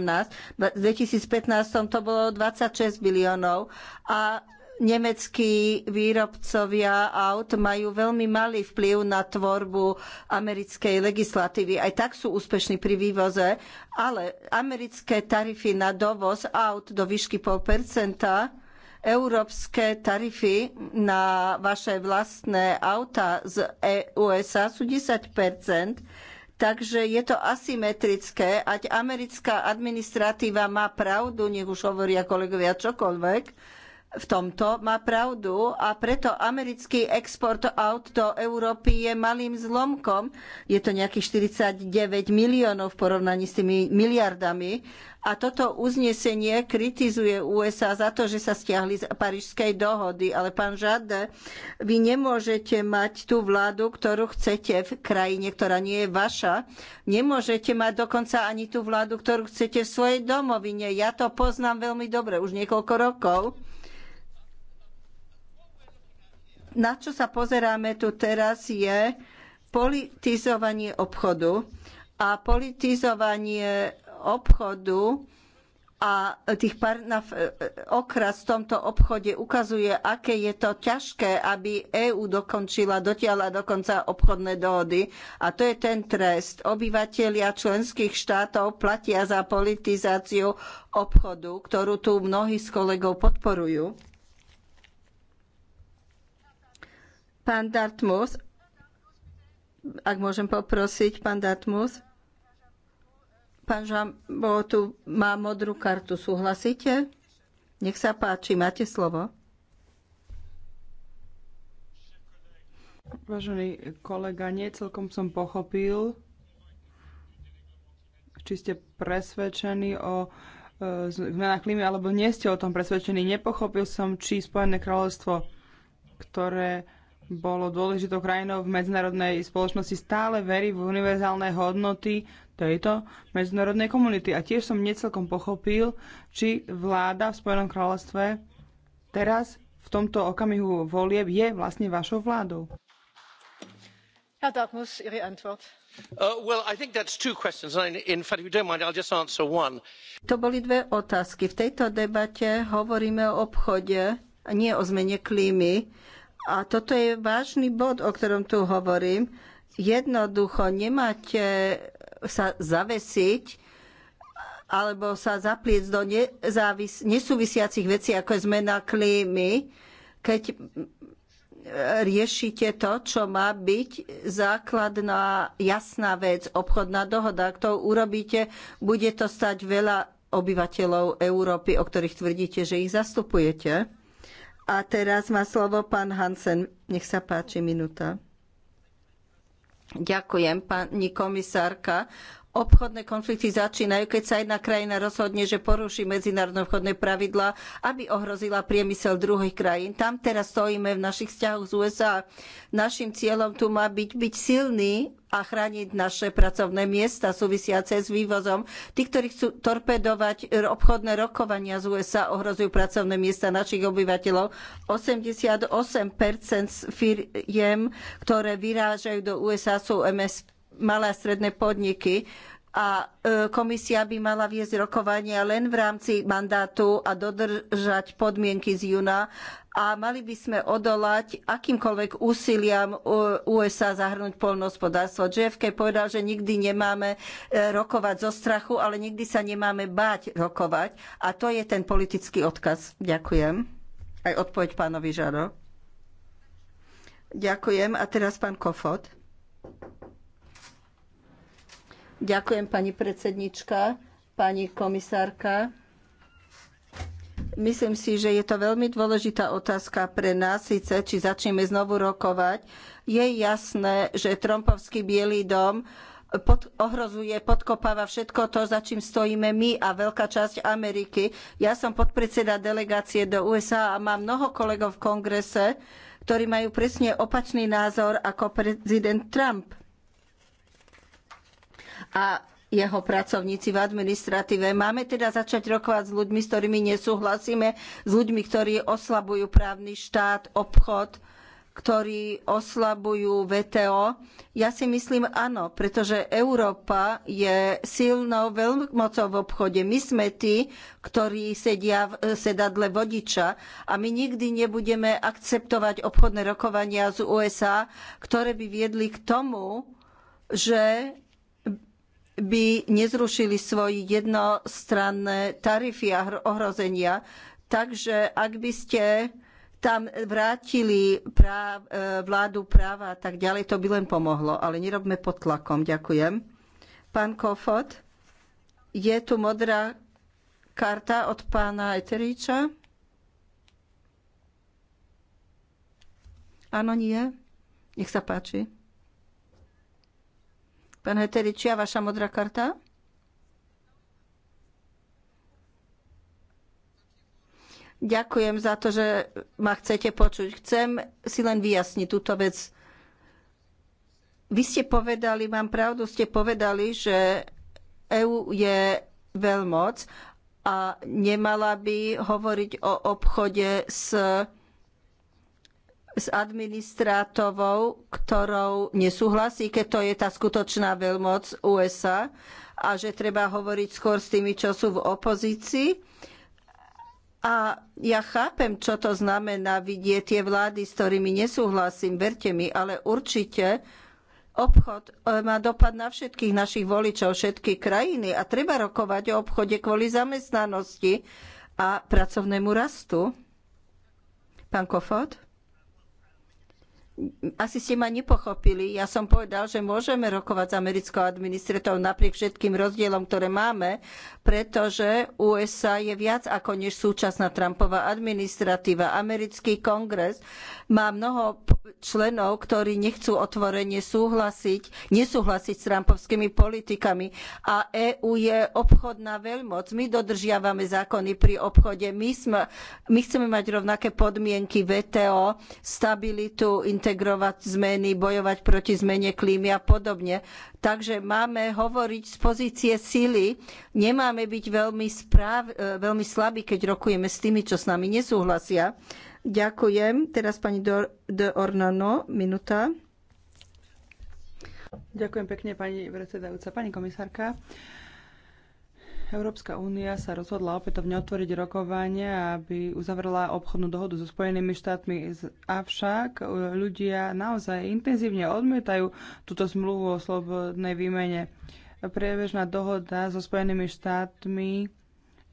V 2015 to bolo 26 biliónov a nemeckí výrobcovia aut majú veľmi malý vplyv na tvorbu americkej legislatívy. Aj tak sú úspešní pri vývoze, ale americké tarify na dovoz aut do výšky 0,5 Európske tarify na vaše vlastné auta z e- USA sú 10 Takže je to asymetrické. Ať americká administratíva má pravdu, nech už hovoria kolegovia čokoľvek, v tomto má pravdu a preto americký export aut do Európy je malým zlomkom. Je to nejakých 49 miliónov v porovnaní s tými miliardami a toto uznesenie kritizuje USA za to, že sa stiahli z Parížskej dohody. Ale pán Žade, vy nemôžete mať tú vládu, ktorú chcete v krajine, ktorá nie je vaša. Nemôžete mať dokonca ani tú vládu, ktorú chcete v svojej domovine. Ja to poznám veľmi dobre, už niekoľko rokov na čo sa pozeráme tu teraz je politizovanie obchodu a politizovanie obchodu a tých par, okras v tomto obchode ukazuje, aké je to ťažké, aby EÚ dokončila, dotiahla dokonca obchodné dohody. A to je ten trest. Obyvatelia členských štátov platia za politizáciu obchodu, ktorú tu mnohí z kolegov podporujú. Pán Dartmus, ak môžem poprosiť, pán Dartmus. Pán Žambo, tu má modrú kartu. Súhlasíte? Nech sa páči, máte slovo. Vážený kolega, nie celkom som pochopil, či ste presvedčení o e, zmenách klímy, alebo nie ste o tom presvedčení. Nepochopil som, či Spojené kráľovstvo, ktoré bolo dôležitou krajinou v medzinárodnej spoločnosti, stále verí v univerzálne hodnoty, tejto medzinárodnej komunity. A tiež som necelkom pochopil, či vláda v Spojenom kráľovstve teraz v tomto okamihu volieb je vlastne vašou vládou. Herr Dartmus, Ihre Antwort. Uh, to boli dve otázky. V tejto debate hovoríme o obchode, a nie o zmene klímy. A toto je vážny bod, o ktorom tu hovorím. Jednoducho nemáte sa zavesiť alebo sa zapliecť do nezávis- nesúvisiacich vecí, ako je zmena klímy, keď riešite to, čo má byť základná jasná vec, obchodná dohoda. Ak to urobíte, bude to stať veľa obyvateľov Európy, o ktorých tvrdíte, že ich zastupujete. A teraz má slovo pán Hansen. Nech sa páči, minúta. Ďakujem, pani komisárka obchodné konflikty začínajú, keď sa jedna krajina rozhodne, že poruší medzinárodné obchodné pravidlá, aby ohrozila priemysel druhých krajín. Tam teraz stojíme v našich vzťahoch s USA. Naším cieľom tu má byť byť silný a chrániť naše pracovné miesta súvisiace s vývozom. Tí, ktorí chcú torpedovať obchodné rokovania z USA, ohrozujú pracovné miesta našich obyvateľov. 88% firiem, ktoré vyrážajú do USA sú MSP malé a stredné podniky a e, komisia by mala viesť rokovania len v rámci mandátu a dodržať podmienky z júna a mali by sme odolať akýmkoľvek úsiliam e, USA zahrnúť poľnohospodárstvo. JFK povedal, že nikdy nemáme e, rokovať zo strachu, ale nikdy sa nemáme báť rokovať a to je ten politický odkaz. Ďakujem. Aj odpoveď pánovi Žaro. Ďakujem. A teraz pán Kofot. Ďakujem pani predsednička, pani komisárka. Myslím si, že je to veľmi dôležitá otázka pre nás, síce či začneme znovu rokovať. Je jasné, že Trumpovský biely dom pod, ohrozuje, podkopáva všetko to, za čím stojíme my a veľká časť Ameriky. Ja som podpredseda delegácie do USA a mám mnoho kolegov v kongrese, ktorí majú presne opačný názor ako prezident Trump a jeho pracovníci v administratíve. Máme teda začať rokovať s ľuďmi, s ktorými nesúhlasíme, s ľuďmi, ktorí oslabujú právny štát, obchod, ktorí oslabujú VTO? Ja si myslím áno, pretože Európa je silnou veľmocou v obchode. My sme tí, ktorí sedia v eh, sedadle vodiča a my nikdy nebudeme akceptovať obchodné rokovania z USA, ktoré by viedli k tomu, že by nezrušili svoje jednostranné tarify a ohrozenia. Takže ak by ste tam vrátili e, vládu práva a tak ďalej, to by len pomohlo. Ale nerobme pod tlakom. Ďakujem. Pán Kofot, je tu modrá karta od pána Eteriča? Áno, nie? Nech sa páči. Pán vaša modrá karta? Ďakujem za to, že ma chcete počuť. Chcem si len vyjasniť túto vec. Vy ste povedali, mám pravdu, ste povedali, že EÚ je veľmoc a nemala by hovoriť o obchode s s administrátovou, ktorou nesúhlasí, keď to je tá skutočná veľmoc USA a že treba hovoriť skôr s tými, čo sú v opozícii. A ja chápem, čo to znamená vidieť tie vlády, s ktorými nesúhlasím, verte mi, ale určite obchod e, má dopad na všetkých našich voličov, všetky krajiny a treba rokovať o obchode kvôli zamestnanosti a pracovnému rastu. Pán Kofod? asi ste ma nepochopili. Ja som povedal, že môžeme rokovať s americkou administratou napriek všetkým rozdielom, ktoré máme, pretože USA je viac ako než súčasná Trumpová administratíva. Americký kongres má mnoho členov, ktorí nechcú otvorene súhlasiť, nesúhlasiť s trumpovskými politikami. A EÚ je obchodná veľmoc. My dodržiavame zákony pri obchode. My, sme, my chceme mať rovnaké podmienky VTO, stabilitu, inter- integrovať zmeny, bojovať proti zmene klímy a podobne. Takže máme hovoriť z pozície sily, nemáme byť veľmi, správ, e, veľmi slabí, keď rokujeme s tými, čo s nami nesúhlasia. Ďakujem. Teraz pani de Ornano, minúta. Ďakujem pekne, pani predsedajúca, pani komisárka. Uh, Európska únia sa rozhodla opätovne otvoriť rokovania, aby uzavrela obchodnú dohodu so Spojenými štátmi. Avšak e, ľudia naozaj intenzívne odmietajú túto zmluvu o slobodnej výmene. Priebežná dohoda so Spojenými štátmi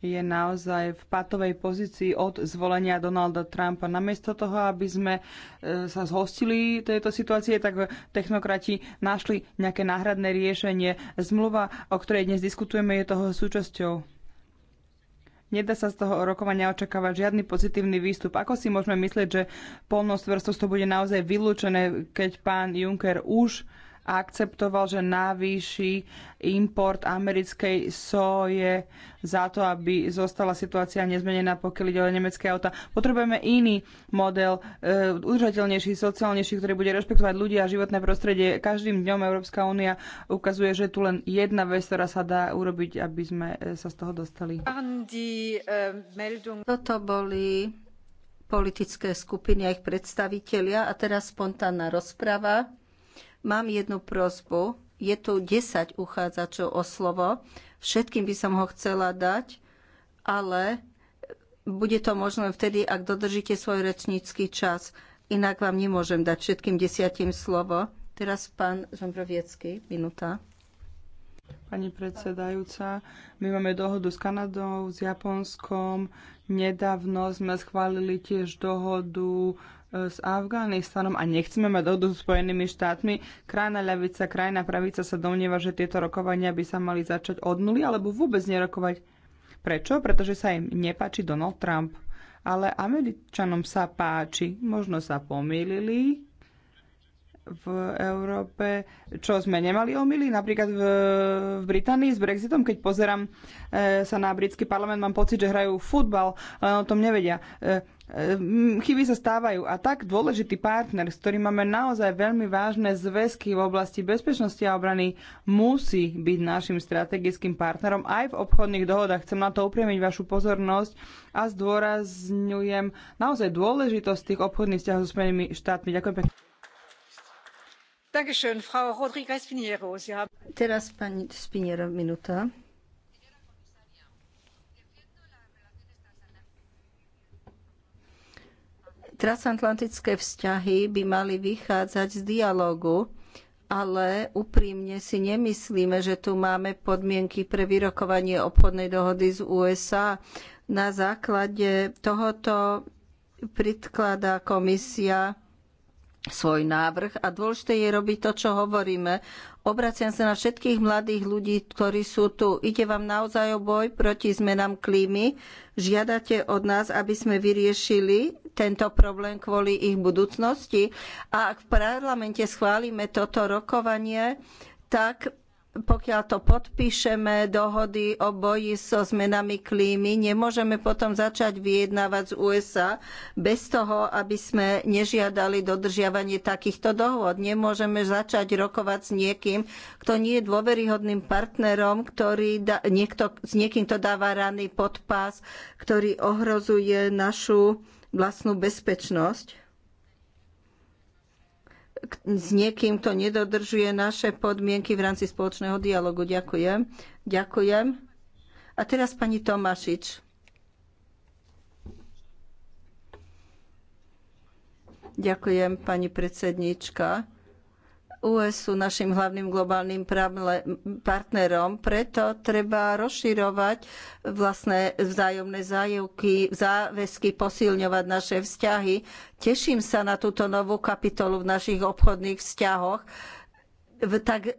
je naozaj v patovej pozícii od zvolenia Donalda Trumpa. Namiesto toho, aby sme e, sa zhostili tejto situácie, tak technokrati našli nejaké náhradné riešenie. Zmluva, o ktorej dnes diskutujeme, je toho súčasťou. Nedá sa z toho rokovania očakávať žiadny pozitívny výstup. Ako si môžeme myslieť, že to bude naozaj vylúčené, keď pán Juncker už uh, a akceptoval, že navýši import americkej soje za to, aby zostala situácia nezmenená, pokiaľ ide o nemecké auta. Potrebujeme iný model, e, udržateľnejší, sociálnejší, ktorý bude rešpektovať ľudia a životné prostredie. Každým dňom Európska únia ukazuje, že tu len jedna vec, ktorá sa dá urobiť, aby sme e, sa z toho dostali. Toto boli politické skupiny a ich predstavitelia a teraz spontánna rozprava. Mám jednu prosbu. Je tu 10 uchádzačov o slovo. Všetkým by som ho chcela dať, ale bude to možné vtedy, ak dodržíte svoj rečnícky čas. Inak vám nemôžem dať všetkým desiatim slovo. Teraz pán Žombroviecký, minúta. Pani predsedajúca, my máme dohodu s Kanadou, s Japonskom. Nedávno sme schválili tiež dohodu s Afganistanom a nechceme mať dohodu s Spojenými štátmi. Krajná ľavica, krajná pravica sa domnieva, že tieto rokovania by sa mali začať od nuly alebo vôbec nerokovať. Prečo? Pretože sa im nepáči Donald Trump. Ale Američanom sa páči. Možno sa pomýlili, v Európe, čo sme nemali omily. Napríklad v, v Británii s Brexitom, keď pozerám e, sa na britský parlament, mám pocit, že hrajú futbal, ale o tom nevedia. E, e, chyby sa stávajú a tak dôležitý partner, s ktorým máme naozaj veľmi vážne zväzky v oblasti bezpečnosti a obrany, musí byť našim strategickým partnerom aj v obchodných dohodách. Chcem na to upriemiť vašu pozornosť a zdôrazňujem naozaj dôležitosť tých obchodných vzťahov so Spojenými štátmi. Ďakujem pekne. Teraz pani Spiniero, minúta. transatlantické vzťahy by mali vychádzať z dialógu, ale úprimne si nemyslíme, že tu máme podmienky pre vyrokovanie obchodnej dohody z USA. Na základe tohoto predkladá komisia svoj návrh a dôležité je robiť to, čo hovoríme. Obraciam sa na všetkých mladých ľudí, ktorí sú tu. Ide vám naozaj o boj proti zmenám klímy. Žiadate od nás, aby sme vyriešili tento problém kvôli ich budúcnosti. A ak v parlamente schválime toto rokovanie, tak pokiaľ to podpíšeme, dohody o boji so zmenami klímy, nemôžeme potom začať vyjednávať z USA bez toho, aby sme nežiadali dodržiavanie takýchto dohod. Nemôžeme začať rokovať s niekým, kto nie je dôveryhodným partnerom, ktorý da, niekto, s niekým to dáva rany pod pás, ktorý ohrozuje našu vlastnú bezpečnosť s niekým, kto nedodržuje naše podmienky v rámci spoločného dialogu. Ďakujem. Ďakujem. A teraz pani Tomášič. Ďakujem, pani predsednička. US sú našim hlavným globálnym partnerom, preto treba rozširovať vlastné vzájomné zájevky, záväzky, posilňovať naše vzťahy. Teším sa na túto novú kapitolu v našich obchodných vzťahoch tak e,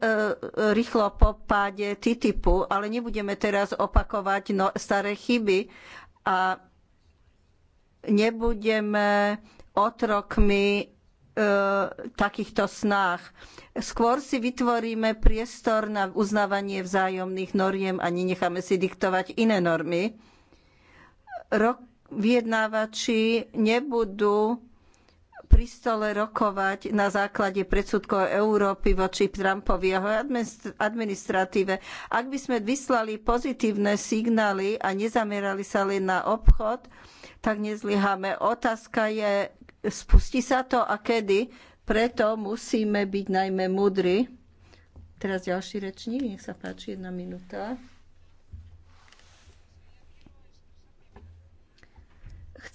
rýchlo po páde TTIPu, ale nebudeme teraz opakovať no, staré chyby a nebudeme otrokmi E, takýchto snách. Skôr si vytvoríme priestor na uznávanie vzájomných noriem a nenecháme si diktovať iné normy. Rok, vyjednávači nebudú pri stole rokovať na základe predsudkov Európy voči Trumpovi a jeho administratíve. Ak by sme vyslali pozitívne signály a nezamerali sa len na obchod, tak nezlyháme. Otázka je, Spustí sa to a kedy? Preto musíme byť najmä múdri. Teraz ďalší rečník, nech sa páči, jedna minúta.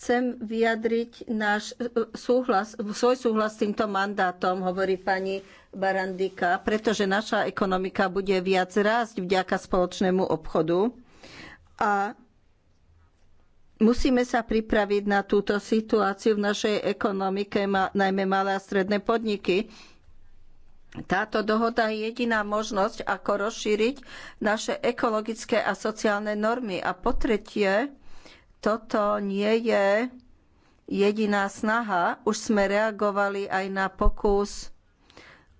chcem vyjadriť náš e, súhlas, svoj súhlas s týmto mandátom, hovorí pani Barandika, pretože naša ekonomika bude viac rásť vďaka spoločnému obchodu a Musíme sa pripraviť na túto situáciu v našej ekonomike, najmä malé a stredné podniky. Táto dohoda je jediná možnosť, ako rozšíriť naše ekologické a sociálne normy. A po tretie, toto nie je jediná snaha. Už sme reagovali aj na pokus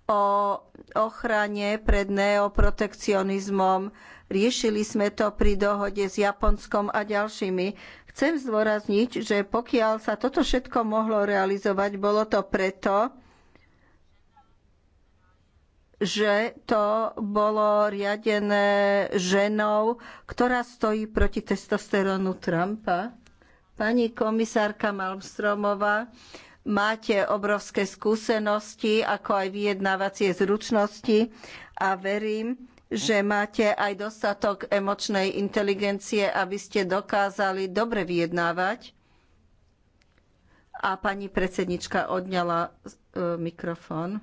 o ochrane pred neoprotekcionizmom Riešili sme to pri dohode s Japonskom a ďalšími. Chcem zdôrazniť, že pokiaľ sa toto všetko mohlo realizovať, bolo to preto, že to bolo riadené ženou, ktorá stojí proti testosterónu Trumpa. Pani komisárka Malmstromová, máte obrovské skúsenosti, ako aj vyjednávacie zručnosti a verím, že máte aj dostatok emočnej inteligencie, aby ste dokázali dobre vyjednávať. A pani predsednička odňala e, mikrofón.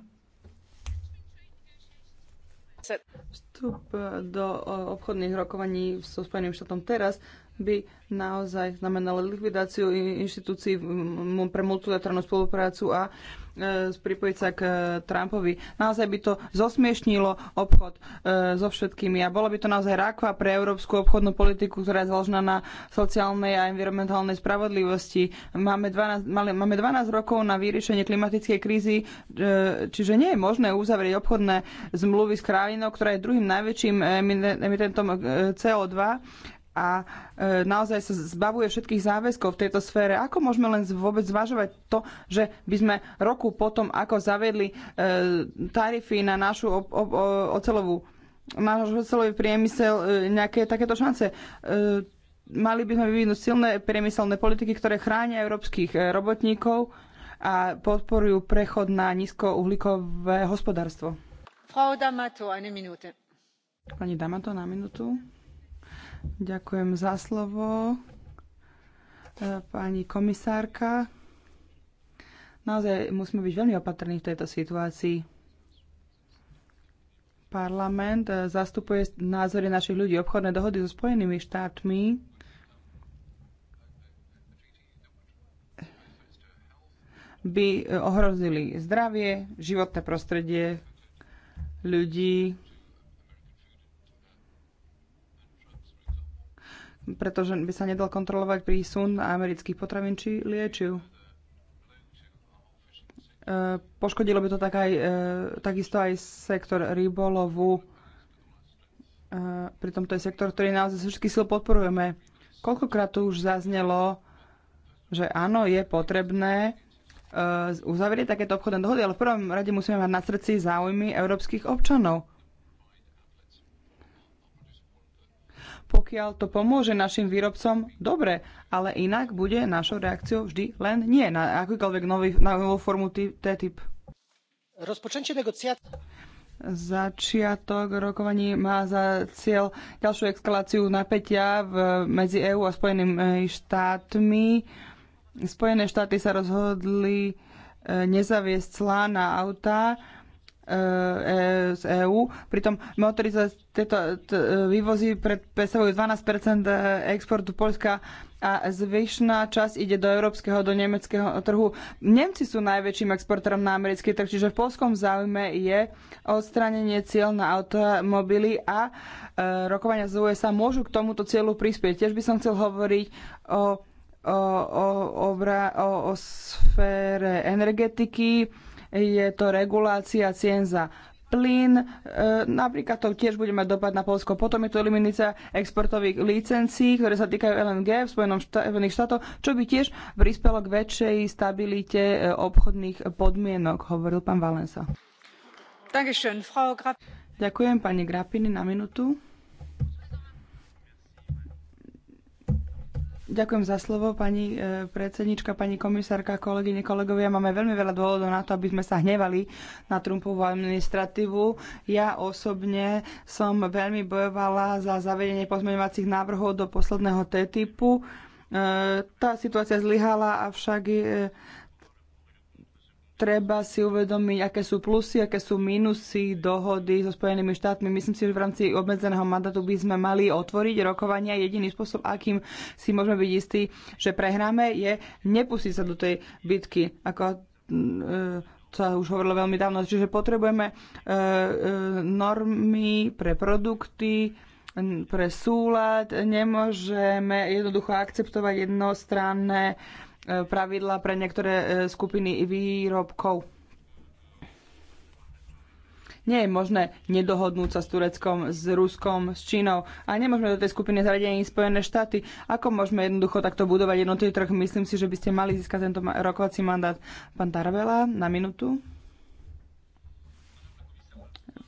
Vstup do e, obchodných rokovaní so Spojeným štátom teraz by naozaj znamenalo likvidáciu inštitúcií pre multilaterálnu spoluprácu a E, pripojiť sa k e, Trumpovi. Naozaj by to zosmiešnilo obchod e, so všetkými a bolo by to naozaj rákva pre európsku obchodnú politiku, ktorá je založená na sociálnej a environmentálnej spravodlivosti. Máme 12, máme 12 rokov na vyriešenie klimatickej krízy, čiže nie je možné uzavrieť obchodné zmluvy s krajinou, ktorá je druhým najväčším emitentom CO2 a e, naozaj sa zbavuje všetkých záväzkov v tejto sfére. Ako môžeme len vôbec zvažovať to, že by sme roku potom, ako zavedli e, tarify na našu ocelovú náš ocelový priemysel e, nejaké takéto šance. Mali by sme vyvinúť silné priemyselné politiky, ktoré chránia európskych robotníkov a podporujú prechod na nízkouhlíkové hospodárstvo. Frau Damato, eine Minute. Pani Damato, na minútu. Ďakujem za slovo. E, pani komisárka, naozaj musíme byť veľmi opatrní v tejto situácii. Parlament e, zastupuje názory našich ľudí. Obchodné dohody so Spojenými štátmi by e, ohrozili zdravie, životné prostredie ľudí, pretože by sa nedal kontrolovať prísun amerických potravín či liečiv. E, poškodilo by to tak aj, e, takisto aj sektor rybolovu. E, Pri to je sektor, ktorý naozaj všetky sil podporujeme. Koľkokrát tu už zaznelo, že áno, je potrebné uzavrieť takéto obchodné dohody, ale v prvom rade musíme mať na srdci záujmy európskych občanov. Pokiaľ to pomôže našim výrobcom, dobre, ale inak bude našou reakciou vždy len nie na akúkoľvek nový, na novú formu TTIP. Rozpočęcie negocjacji. Začiatok rokovaní má za cieľ ďalšiu eskaláciu napätia v, medzi EÚ a Spojenými e, štátmi. Spojené štáty sa rozhodli e, nezaviesť clá na autá z EÚ. Pritom motorizac- tieto vývozy predstavujú 12 exportu Polska a zvyšná časť ide do európskeho, do nemeckého trhu. Nemci sú najväčším exportérom na americký trh, čiže v polskom záujme je odstránenie cieľ na automobily a e, rokovania z USA môžu k tomuto cieľu prispieť. Tiež by som chcel hovoriť o, o, o, o, o, o sfére energetiky je to regulácia cien za plyn, e, napríklad to tiež bude mať dopad na Polsko. Potom je to eliminácia exportových licencií, ktoré sa týkajú LNG v Spojenom štátoch, čo by tiež prispelo k väčšej stabilite e, obchodných podmienok, hovoril pán Valensa. Ďakujem pani Grapini na minútu. Ďakujem za slovo, pani e, predsednička, pani komisárka, kolegyne, kolegovia. Máme veľmi veľa dôvodov na to, aby sme sa hnevali na Trumpovú administratívu. Ja osobne som veľmi bojovala za zavedenie pozmeňovacích návrhov do posledného T-typu. E, tá situácia zlyhala, avšak e, treba si uvedomiť, aké sú plusy, aké sú minusy dohody so Spojenými štátmi. Myslím si, že v rámci obmedzeného mandátu by sme mali otvoriť rokovania. Jediný spôsob, akým si môžeme byť istí, že prehráme, je nepustiť sa do tej bitky. Ako mm, e, sa už hovorilo veľmi dávno. Čiže potrebujeme e, e, normy pre produkty, pre súlad. Nemôžeme jednoducho akceptovať jednostranné pravidla pre niektoré e, skupiny výrobkov. Nie je možné nedohodnúť sa s Tureckom, s Ruskom, s Čínou a nemôžeme do tej skupiny zaradiť ani Spojené štáty. Ako môžeme jednoducho takto budovať jednotný trh? Myslím si, že by ste mali získať tento rokovací mandát. Pán Tarvela, na minútu.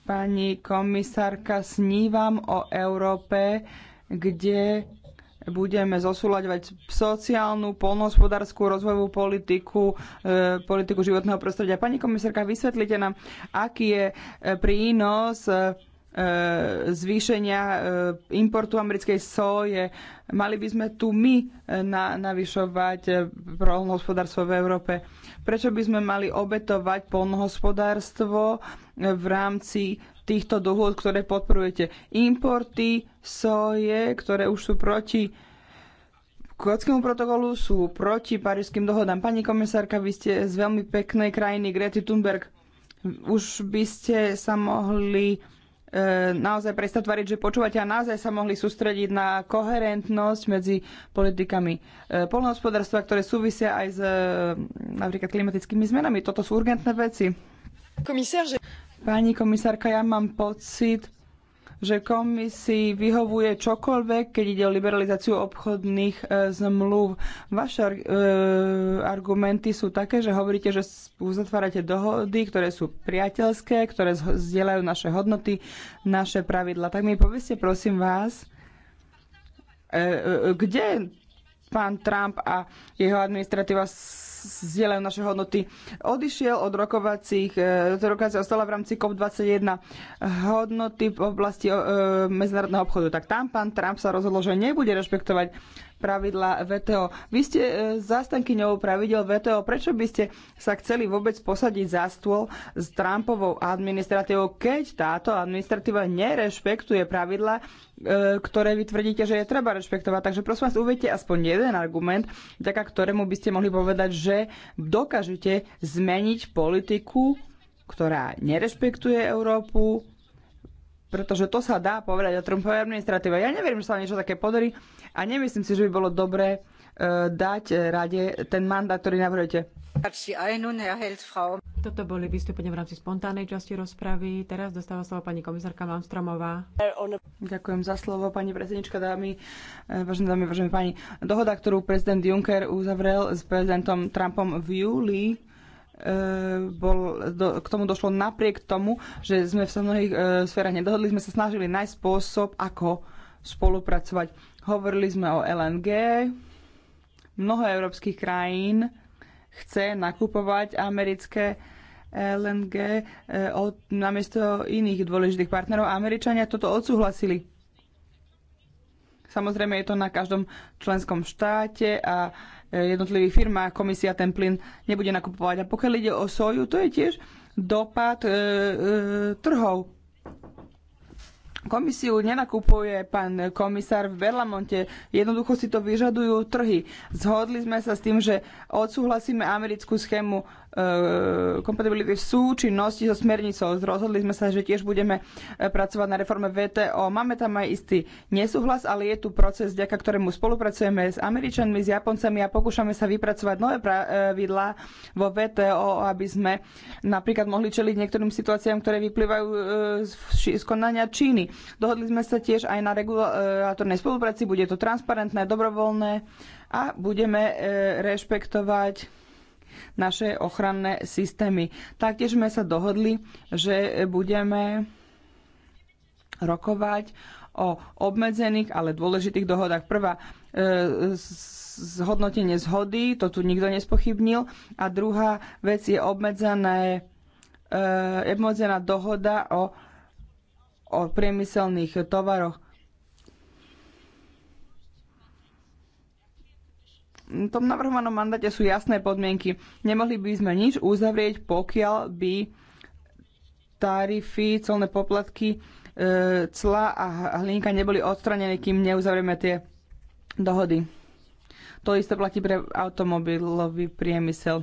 Pani komisárka, snívam o Európe, kde budeme zosúľaďovať sociálnu, polnohospodárskú, rozvojovú politiku, e, politiku životného prostredia. Pani komisárka, vysvetlite nám, aký je e, prínos e, zvýšenia e, importu americkej soje. Mali by sme tu my e, na, navyšovať e, polnohospodárstvo v Európe. Prečo by sme mali obetovať polnohospodárstvo v rámci týchto dohôd, ktoré podporujete. Importy soje, ktoré už sú proti Kockému protokolu, sú proti parížským dohodám. Pani komisárka, vy ste z veľmi peknej krajiny, Greti Thunberg. Už by ste sa mohli e, naozaj prestať tvariť, že počúvate a naozaj sa mohli sústrediť na koherentnosť medzi politikami e, polnohospodárstva, ktoré súvisia aj s e, napríklad klimatickými zmenami. Toto sú urgentné veci. Komisár, že... Pani komisárka, ja mám pocit, že komisii vyhovuje čokoľvek, keď ide o liberalizáciu obchodných e, zmluv. Vaše e, argumenty sú také, že hovoríte, že uzatvárate dohody, ktoré sú priateľské, ktoré zdieľajú naše hodnoty, naše pravidla. Tak mi povedzte, prosím vás, e, e, e kde pán Trump a jeho administratíva zdieľajú naše hodnoty. Odišiel od rokovacích, z e, rokovacieho ostala v rámci COP21 hodnoty v oblasti e, medzinárodného obchodu. Tak tam pán Trump sa rozhodol, že nebude rešpektovať pravidla VTO. Vy ste e, zastankyňou pravidel VTO. Prečo by ste sa chceli vôbec posadiť za stôl s Trumpovou administratívou, keď táto administratíva nerešpektuje pravidla, e, ktoré vy tvrdíte, že je treba rešpektovať? Takže prosím vás, uvedte aspoň jeden argument, vďaka ktorému by ste mohli povedať, že dokážete zmeniť politiku, ktorá nerešpektuje Európu, pretože to sa dá povedať o Trumpovej administratíve. Ja neviem, že sa niečo také podarí a nemyslím si, že by bolo dobré uh, dať e, rade ten mandát, ktorý navrhujete. Toto boli vystúpenia v rámci spontánnej časti rozpravy. Teraz dostáva slovo pani komisárka Malmstromová. Ďakujem za slovo, pani predsednička, dámy, e, vážené dámy, vážené pani. Dohoda, ktorú prezident Juncker uzavrel s prezidentom Trumpom v júli, E, bol, do, k tomu došlo napriek tomu, že sme v mnohých e, sférach nedohodli, sme sa snažili nájsť spôsob, ako spolupracovať. Hovorili sme o LNG. Mnoho európskych krajín chce nakupovať americké LNG e, od, namiesto iných dôležitých partnerov. Američania toto odsúhlasili. Samozrejme je to na každom členskom štáte a Eh, jednotlivých firmách, komisia ten plyn nebude nakupovať. A pokiaľ ide o soju, to je tiež dopad e, e, trhov. Komisiu nenakupuje pán komisár v Berlamonte, jednoducho si to vyžadujú trhy. Zhodli sme sa s tým, že odsúhlasíme americkú schému Eh, kompatibility v súčinnosti so smernicou. Rozhodli sme sa, že tiež budeme eh, pracovať na reforme VTO. Máme tam aj istý nesúhlas, ale je tu proces, vďaka ktorému spolupracujeme s Američanmi, s Japoncami a pokúšame sa vypracovať nové pravidlá eh, vo VTO, aby sme napríklad mohli čeliť niektorým situáciám, ktoré vyplývajú z konania Číny. Dohodli sme sa tiež aj na regulátornej spolupráci, bude to transparentné, dobrovoľné a budeme rešpektovať naše ochranné systémy. Taktiež sme sa dohodli, že budeme rokovať o obmedzených, ale dôležitých dohodách. Prvá, e, zhodnotenie zhody, to tu nikto nespochybnil. A druhá vec je obmedzené, e, obmedzená dohoda o, o priemyselných tovaroch. tom navrhovanom mandáte sú jasné podmienky. Nemohli by sme nič uzavrieť, pokiaľ by tarify, colné poplatky, e, cla a hlinka neboli odstranené, kým neuzavrieme tie dohody. To isté platí pre automobilový priemysel.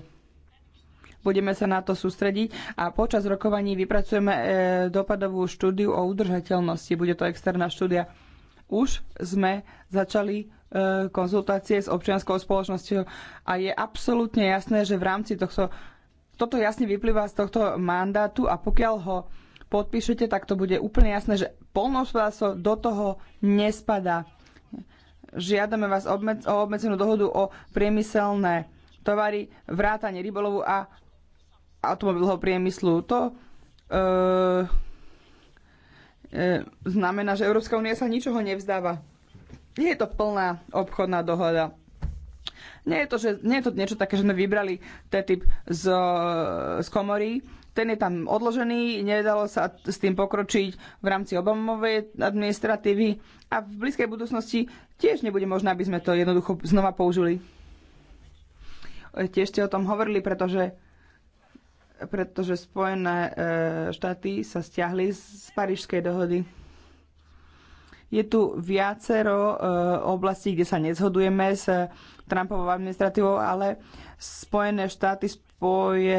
Budeme sa na to sústrediť a počas rokovaní vypracujeme e, dopadovú štúdiu o udržateľnosti. Bude to externá štúdia. Už sme začali E, konzultácie s občianskou spoločnosťou a je absolútne jasné, že v rámci tohto, toto jasne vyplýva z tohto mandátu a pokiaľ ho podpíšete, tak to bude úplne jasné, že polnohospodárstvo do toho nespadá. Žiadame vás obmed, o obmedzenú dohodu o priemyselné tovary, vrátanie rybolovu a automobilového priemyslu. To e, e, znamená, že Európska únia sa ničoho nevzdáva je to plná obchodná dohoda. Nie je to, že, nie je to niečo také, že sme vybrali TTIP z, z komory, ten je tam odložený, nedalo sa s tým pokročiť v rámci Obamovej administratívy a v blízkej budúcnosti tiež nebude možné, aby sme to jednoducho znova použili. Tiež ste o tom hovorili, pretože, pretože Spojené e, štáty sa stiahli z Parížskej dohody. Je tu viacero e, oblastí, kde sa nezhodujeme s Trumpovou administratívou, ale Spojené štáty, spoje,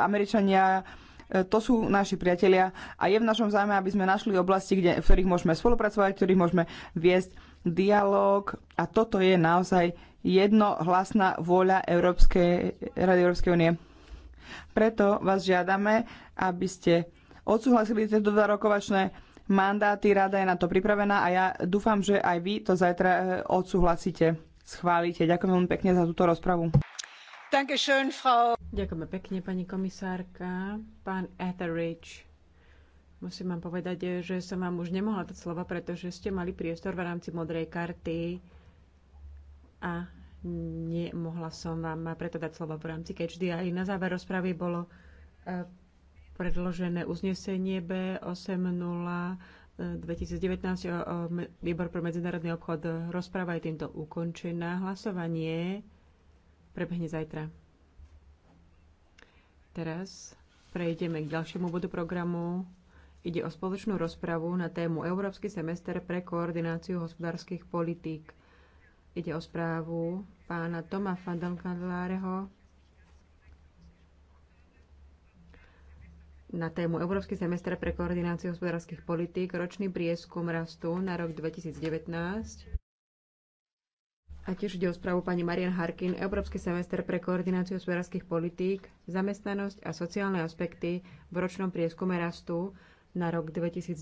Američania, e, to sú naši priatelia a je v našom zájme, aby sme našli oblasti, kde, v ktorých môžeme spolupracovať, v ktorých môžeme viesť dialog a toto je naozaj jednohlasná vôľa Európskej, Rady Európskej únie. Preto vás žiadame, aby ste odsúhlasili tieto dva rokovačné mandáty, rada je na to pripravená a ja dúfam, že aj vy to zajtra e, odsúhlasíte, schválite. Ďakujem veľmi pekne za túto rozpravu. Ďakujeme pekne, pani komisárka. Pán Etheridge, musím vám povedať, e, že som vám už nemohla dať slova, pretože ste mali priestor v rámci modrej karty a nemohla som vám preto dať slovo v rámci catch. eye. na záver rozpravy bolo e, predložené uznesenie B80 2019 o výbor pre medzinárodný obchod. Rozpráva je týmto ukončená. Hlasovanie prebehne zajtra. Teraz prejdeme k ďalšiemu bodu programu. Ide o spoločnú rozpravu na tému Európsky semester pre koordináciu hospodárskych politík. Ide o správu pána Toma Fandelkandláreho, na tému Európsky semester pre koordináciu hospodárskych politík, ročný prieskum rastu na rok 2019. A tiež ide o správu pani Marian Harkin, Európsky semester pre koordináciu hospodárskych politík, zamestnanosť a sociálne aspekty v ročnom prieskume rastu na rok 2019.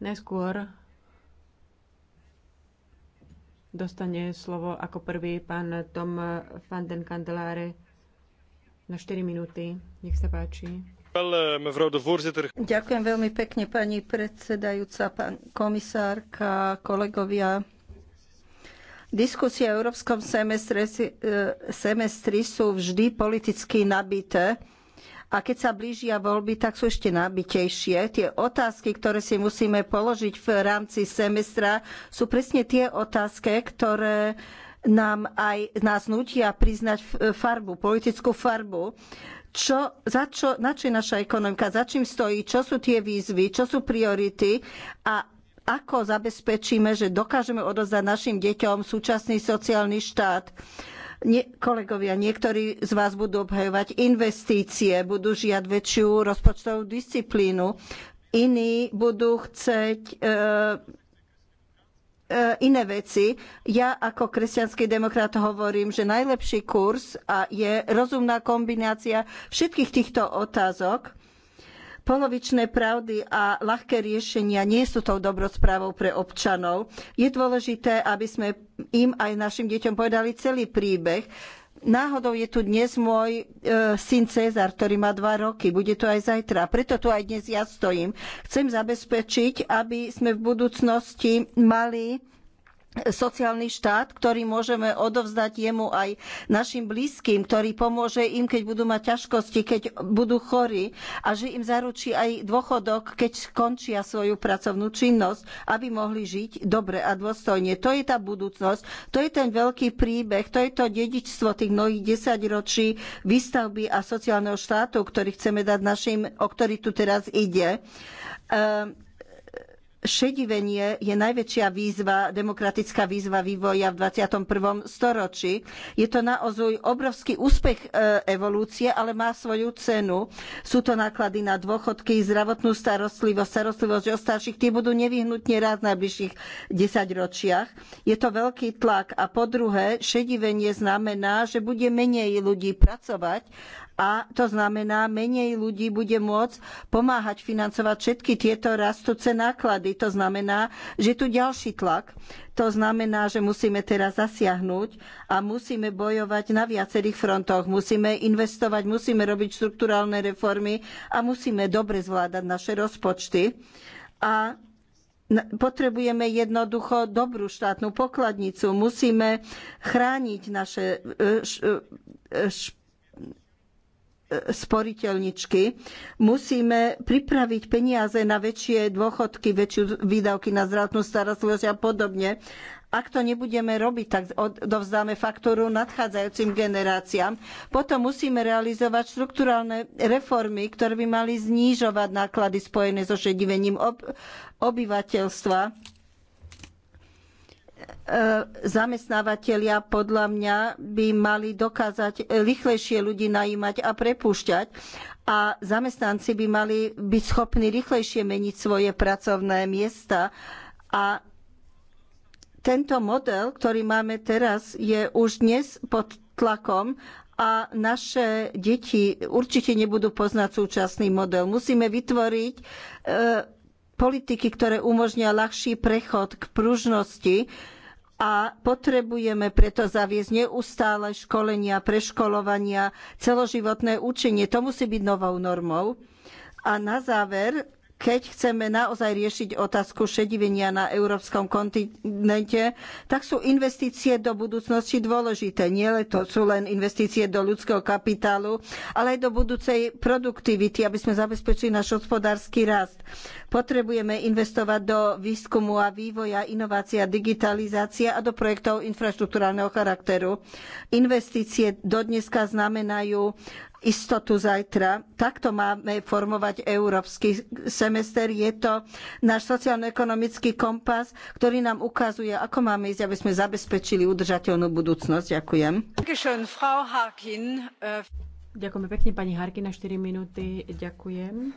Najskôr dostane slovo ako prvý pán Tom van den Candelare, na 4 minúty. Nech sa páči. Eh, Ďakujem veľmi pekne, pani predsedajúca, pán komisárka, kolegovia. Diskusie o európskom semestri, eh, semestri sú vždy politicky nabité a keď sa blížia voľby, tak sú ešte nabitejšie. Tie otázky, ktoré si musíme položiť v rámci semestra, sú presne tie otázky, ktoré nám aj nás nutia priznať farbu, politickú farbu. Čo, za čo, na čo je naša ekonomika, za čím stojí, čo sú tie výzvy, čo sú priority a ako zabezpečíme, že dokážeme odozdať našim deťom súčasný sociálny štát. Nie, kolegovia, niektorí z vás budú obhajovať investície, budú žiadať väčšiu rozpočtovú disciplínu, iní budú chcieť. e, E, iné veci. Ja ako kresťanský demokrat hovorím, že najlepší kurz a je rozumná kombinácia všetkých týchto otázok. Polovičné pravdy a ľahké riešenia nie sú tou dobrou správou pre občanov. Je dôležité, aby sme im aj našim deťom povedali celý príbeh Náhodou je tu dnes môj e, syn Cezar, ktorý má dva roky. Bude tu aj zajtra. Preto tu aj dnes ja stojím. Chcem zabezpečiť, aby sme v budúcnosti mali sociálny štát, ktorý môžeme odovzdať jemu aj našim blízkym, ktorý pomôže im, keď budú mať ťažkosti, keď budú chorí a že im zaručí aj dôchodok, keď skončia svoju pracovnú činnosť, aby mohli žiť dobre a dôstojne. To je tá budúcnosť, to je ten veľký príbeh, to je to dedičstvo tých mnohých desaťročí výstavby a sociálneho štátu, ktorý chceme dať našim, o ktorý tu teraz ide. Ehm, šedivenie je najväčšia výzva, demokratická výzva vývoja v 21. storočí. Je to naozaj obrovský úspech e, evolúcie, ale má svoju cenu. Sú to náklady na dôchodky, zdravotnú starostlivosť, starostlivosť o starších, tie budú nevyhnutne rád v najbližších desaťročiach. Je to veľký tlak a po druhé, šedivenie znamená, že bude menej ľudí pracovať a to znamená, menej ľudí bude môcť pomáhať financovať všetky tieto rastúce náklady. To znamená, že tu ďalší tlak. To znamená, že musíme teraz zasiahnuť a musíme bojovať na viacerých frontoch. Musíme investovať, musíme robiť štrukturálne reformy a musíme dobre zvládať naše rozpočty. A potrebujeme jednoducho dobrú štátnu pokladnicu. Musíme chrániť naše e, e, sporiteľničky. Musíme pripraviť peniaze na väčšie dôchodky, väčšie výdavky na zdravotnú starostlivosť a podobne. Ak to nebudeme robiť, tak dovzdáme faktúru nadchádzajúcim generáciám. Potom musíme realizovať štrukturálne reformy, ktoré by mali znižovať náklady spojené so šedivením obyvateľstva E, zamestnávateľia podľa mňa by mali dokázať rýchlejšie ľudí najímať a prepúšťať a zamestnanci by mali byť schopní rýchlejšie meniť svoje pracovné miesta a tento model, ktorý máme teraz, je už dnes pod tlakom a naše deti určite nebudú poznať súčasný model. Musíme vytvoriť e, politiky, ktoré umožnia ľahší prechod k pružnosti, a potrebujeme preto zaviesť neustále školenia, preškolovania, celoživotné učenie. To musí byť novou normou. A na záver keď chceme naozaj riešiť otázku šedivenia na európskom kontinente, tak sú investície do budúcnosti dôležité. Nie to sú len investície do ľudského kapitálu, ale aj do budúcej produktivity, aby sme zabezpečili náš hospodársky rast. Potrebujeme investovať do výskumu a vývoja, inovácia, digitalizácia a do projektov infraštruktúrneho charakteru. Investície dodneska znamenajú istotu zajtra. Takto máme formovať európsky semester. Je to náš sociálno-ekonomický kompas, ktorý nám ukazuje, ako máme ísť, aby sme zabezpečili udržateľnú budúcnosť. Ďakujem. Äh, pekne pani na 4 minúty. Ďakujem.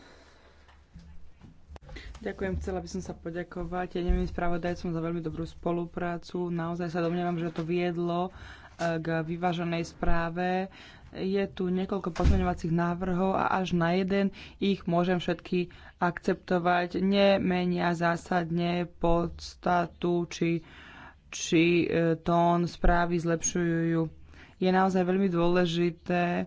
Ďakujem, chcela by som sa poďakovať jedným ja spravodajcom za veľmi dobrú spoluprácu. Naozaj sa domnievam, že to viedlo äh, k vyváženej správe. Je tu niekoľko pozmeňovacích návrhov a až na jeden ich môžem všetky akceptovať. Nemenia zásadne podstatu či, či e, tón správy, zlepšujú ju. Je naozaj veľmi dôležité,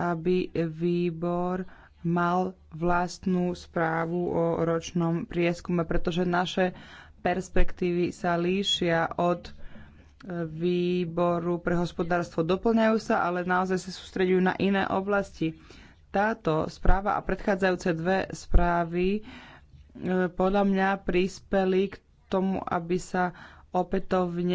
aby výbor mal vlastnú správu o ročnom prieskume, pretože naše perspektívy sa líšia od výboru pre hospodárstvo doplňajú sa, ale naozaj sa sústredujú na iné oblasti. Táto správa a predchádzajúce dve správy e, podľa mňa prispeli k tomu, aby sa opätovne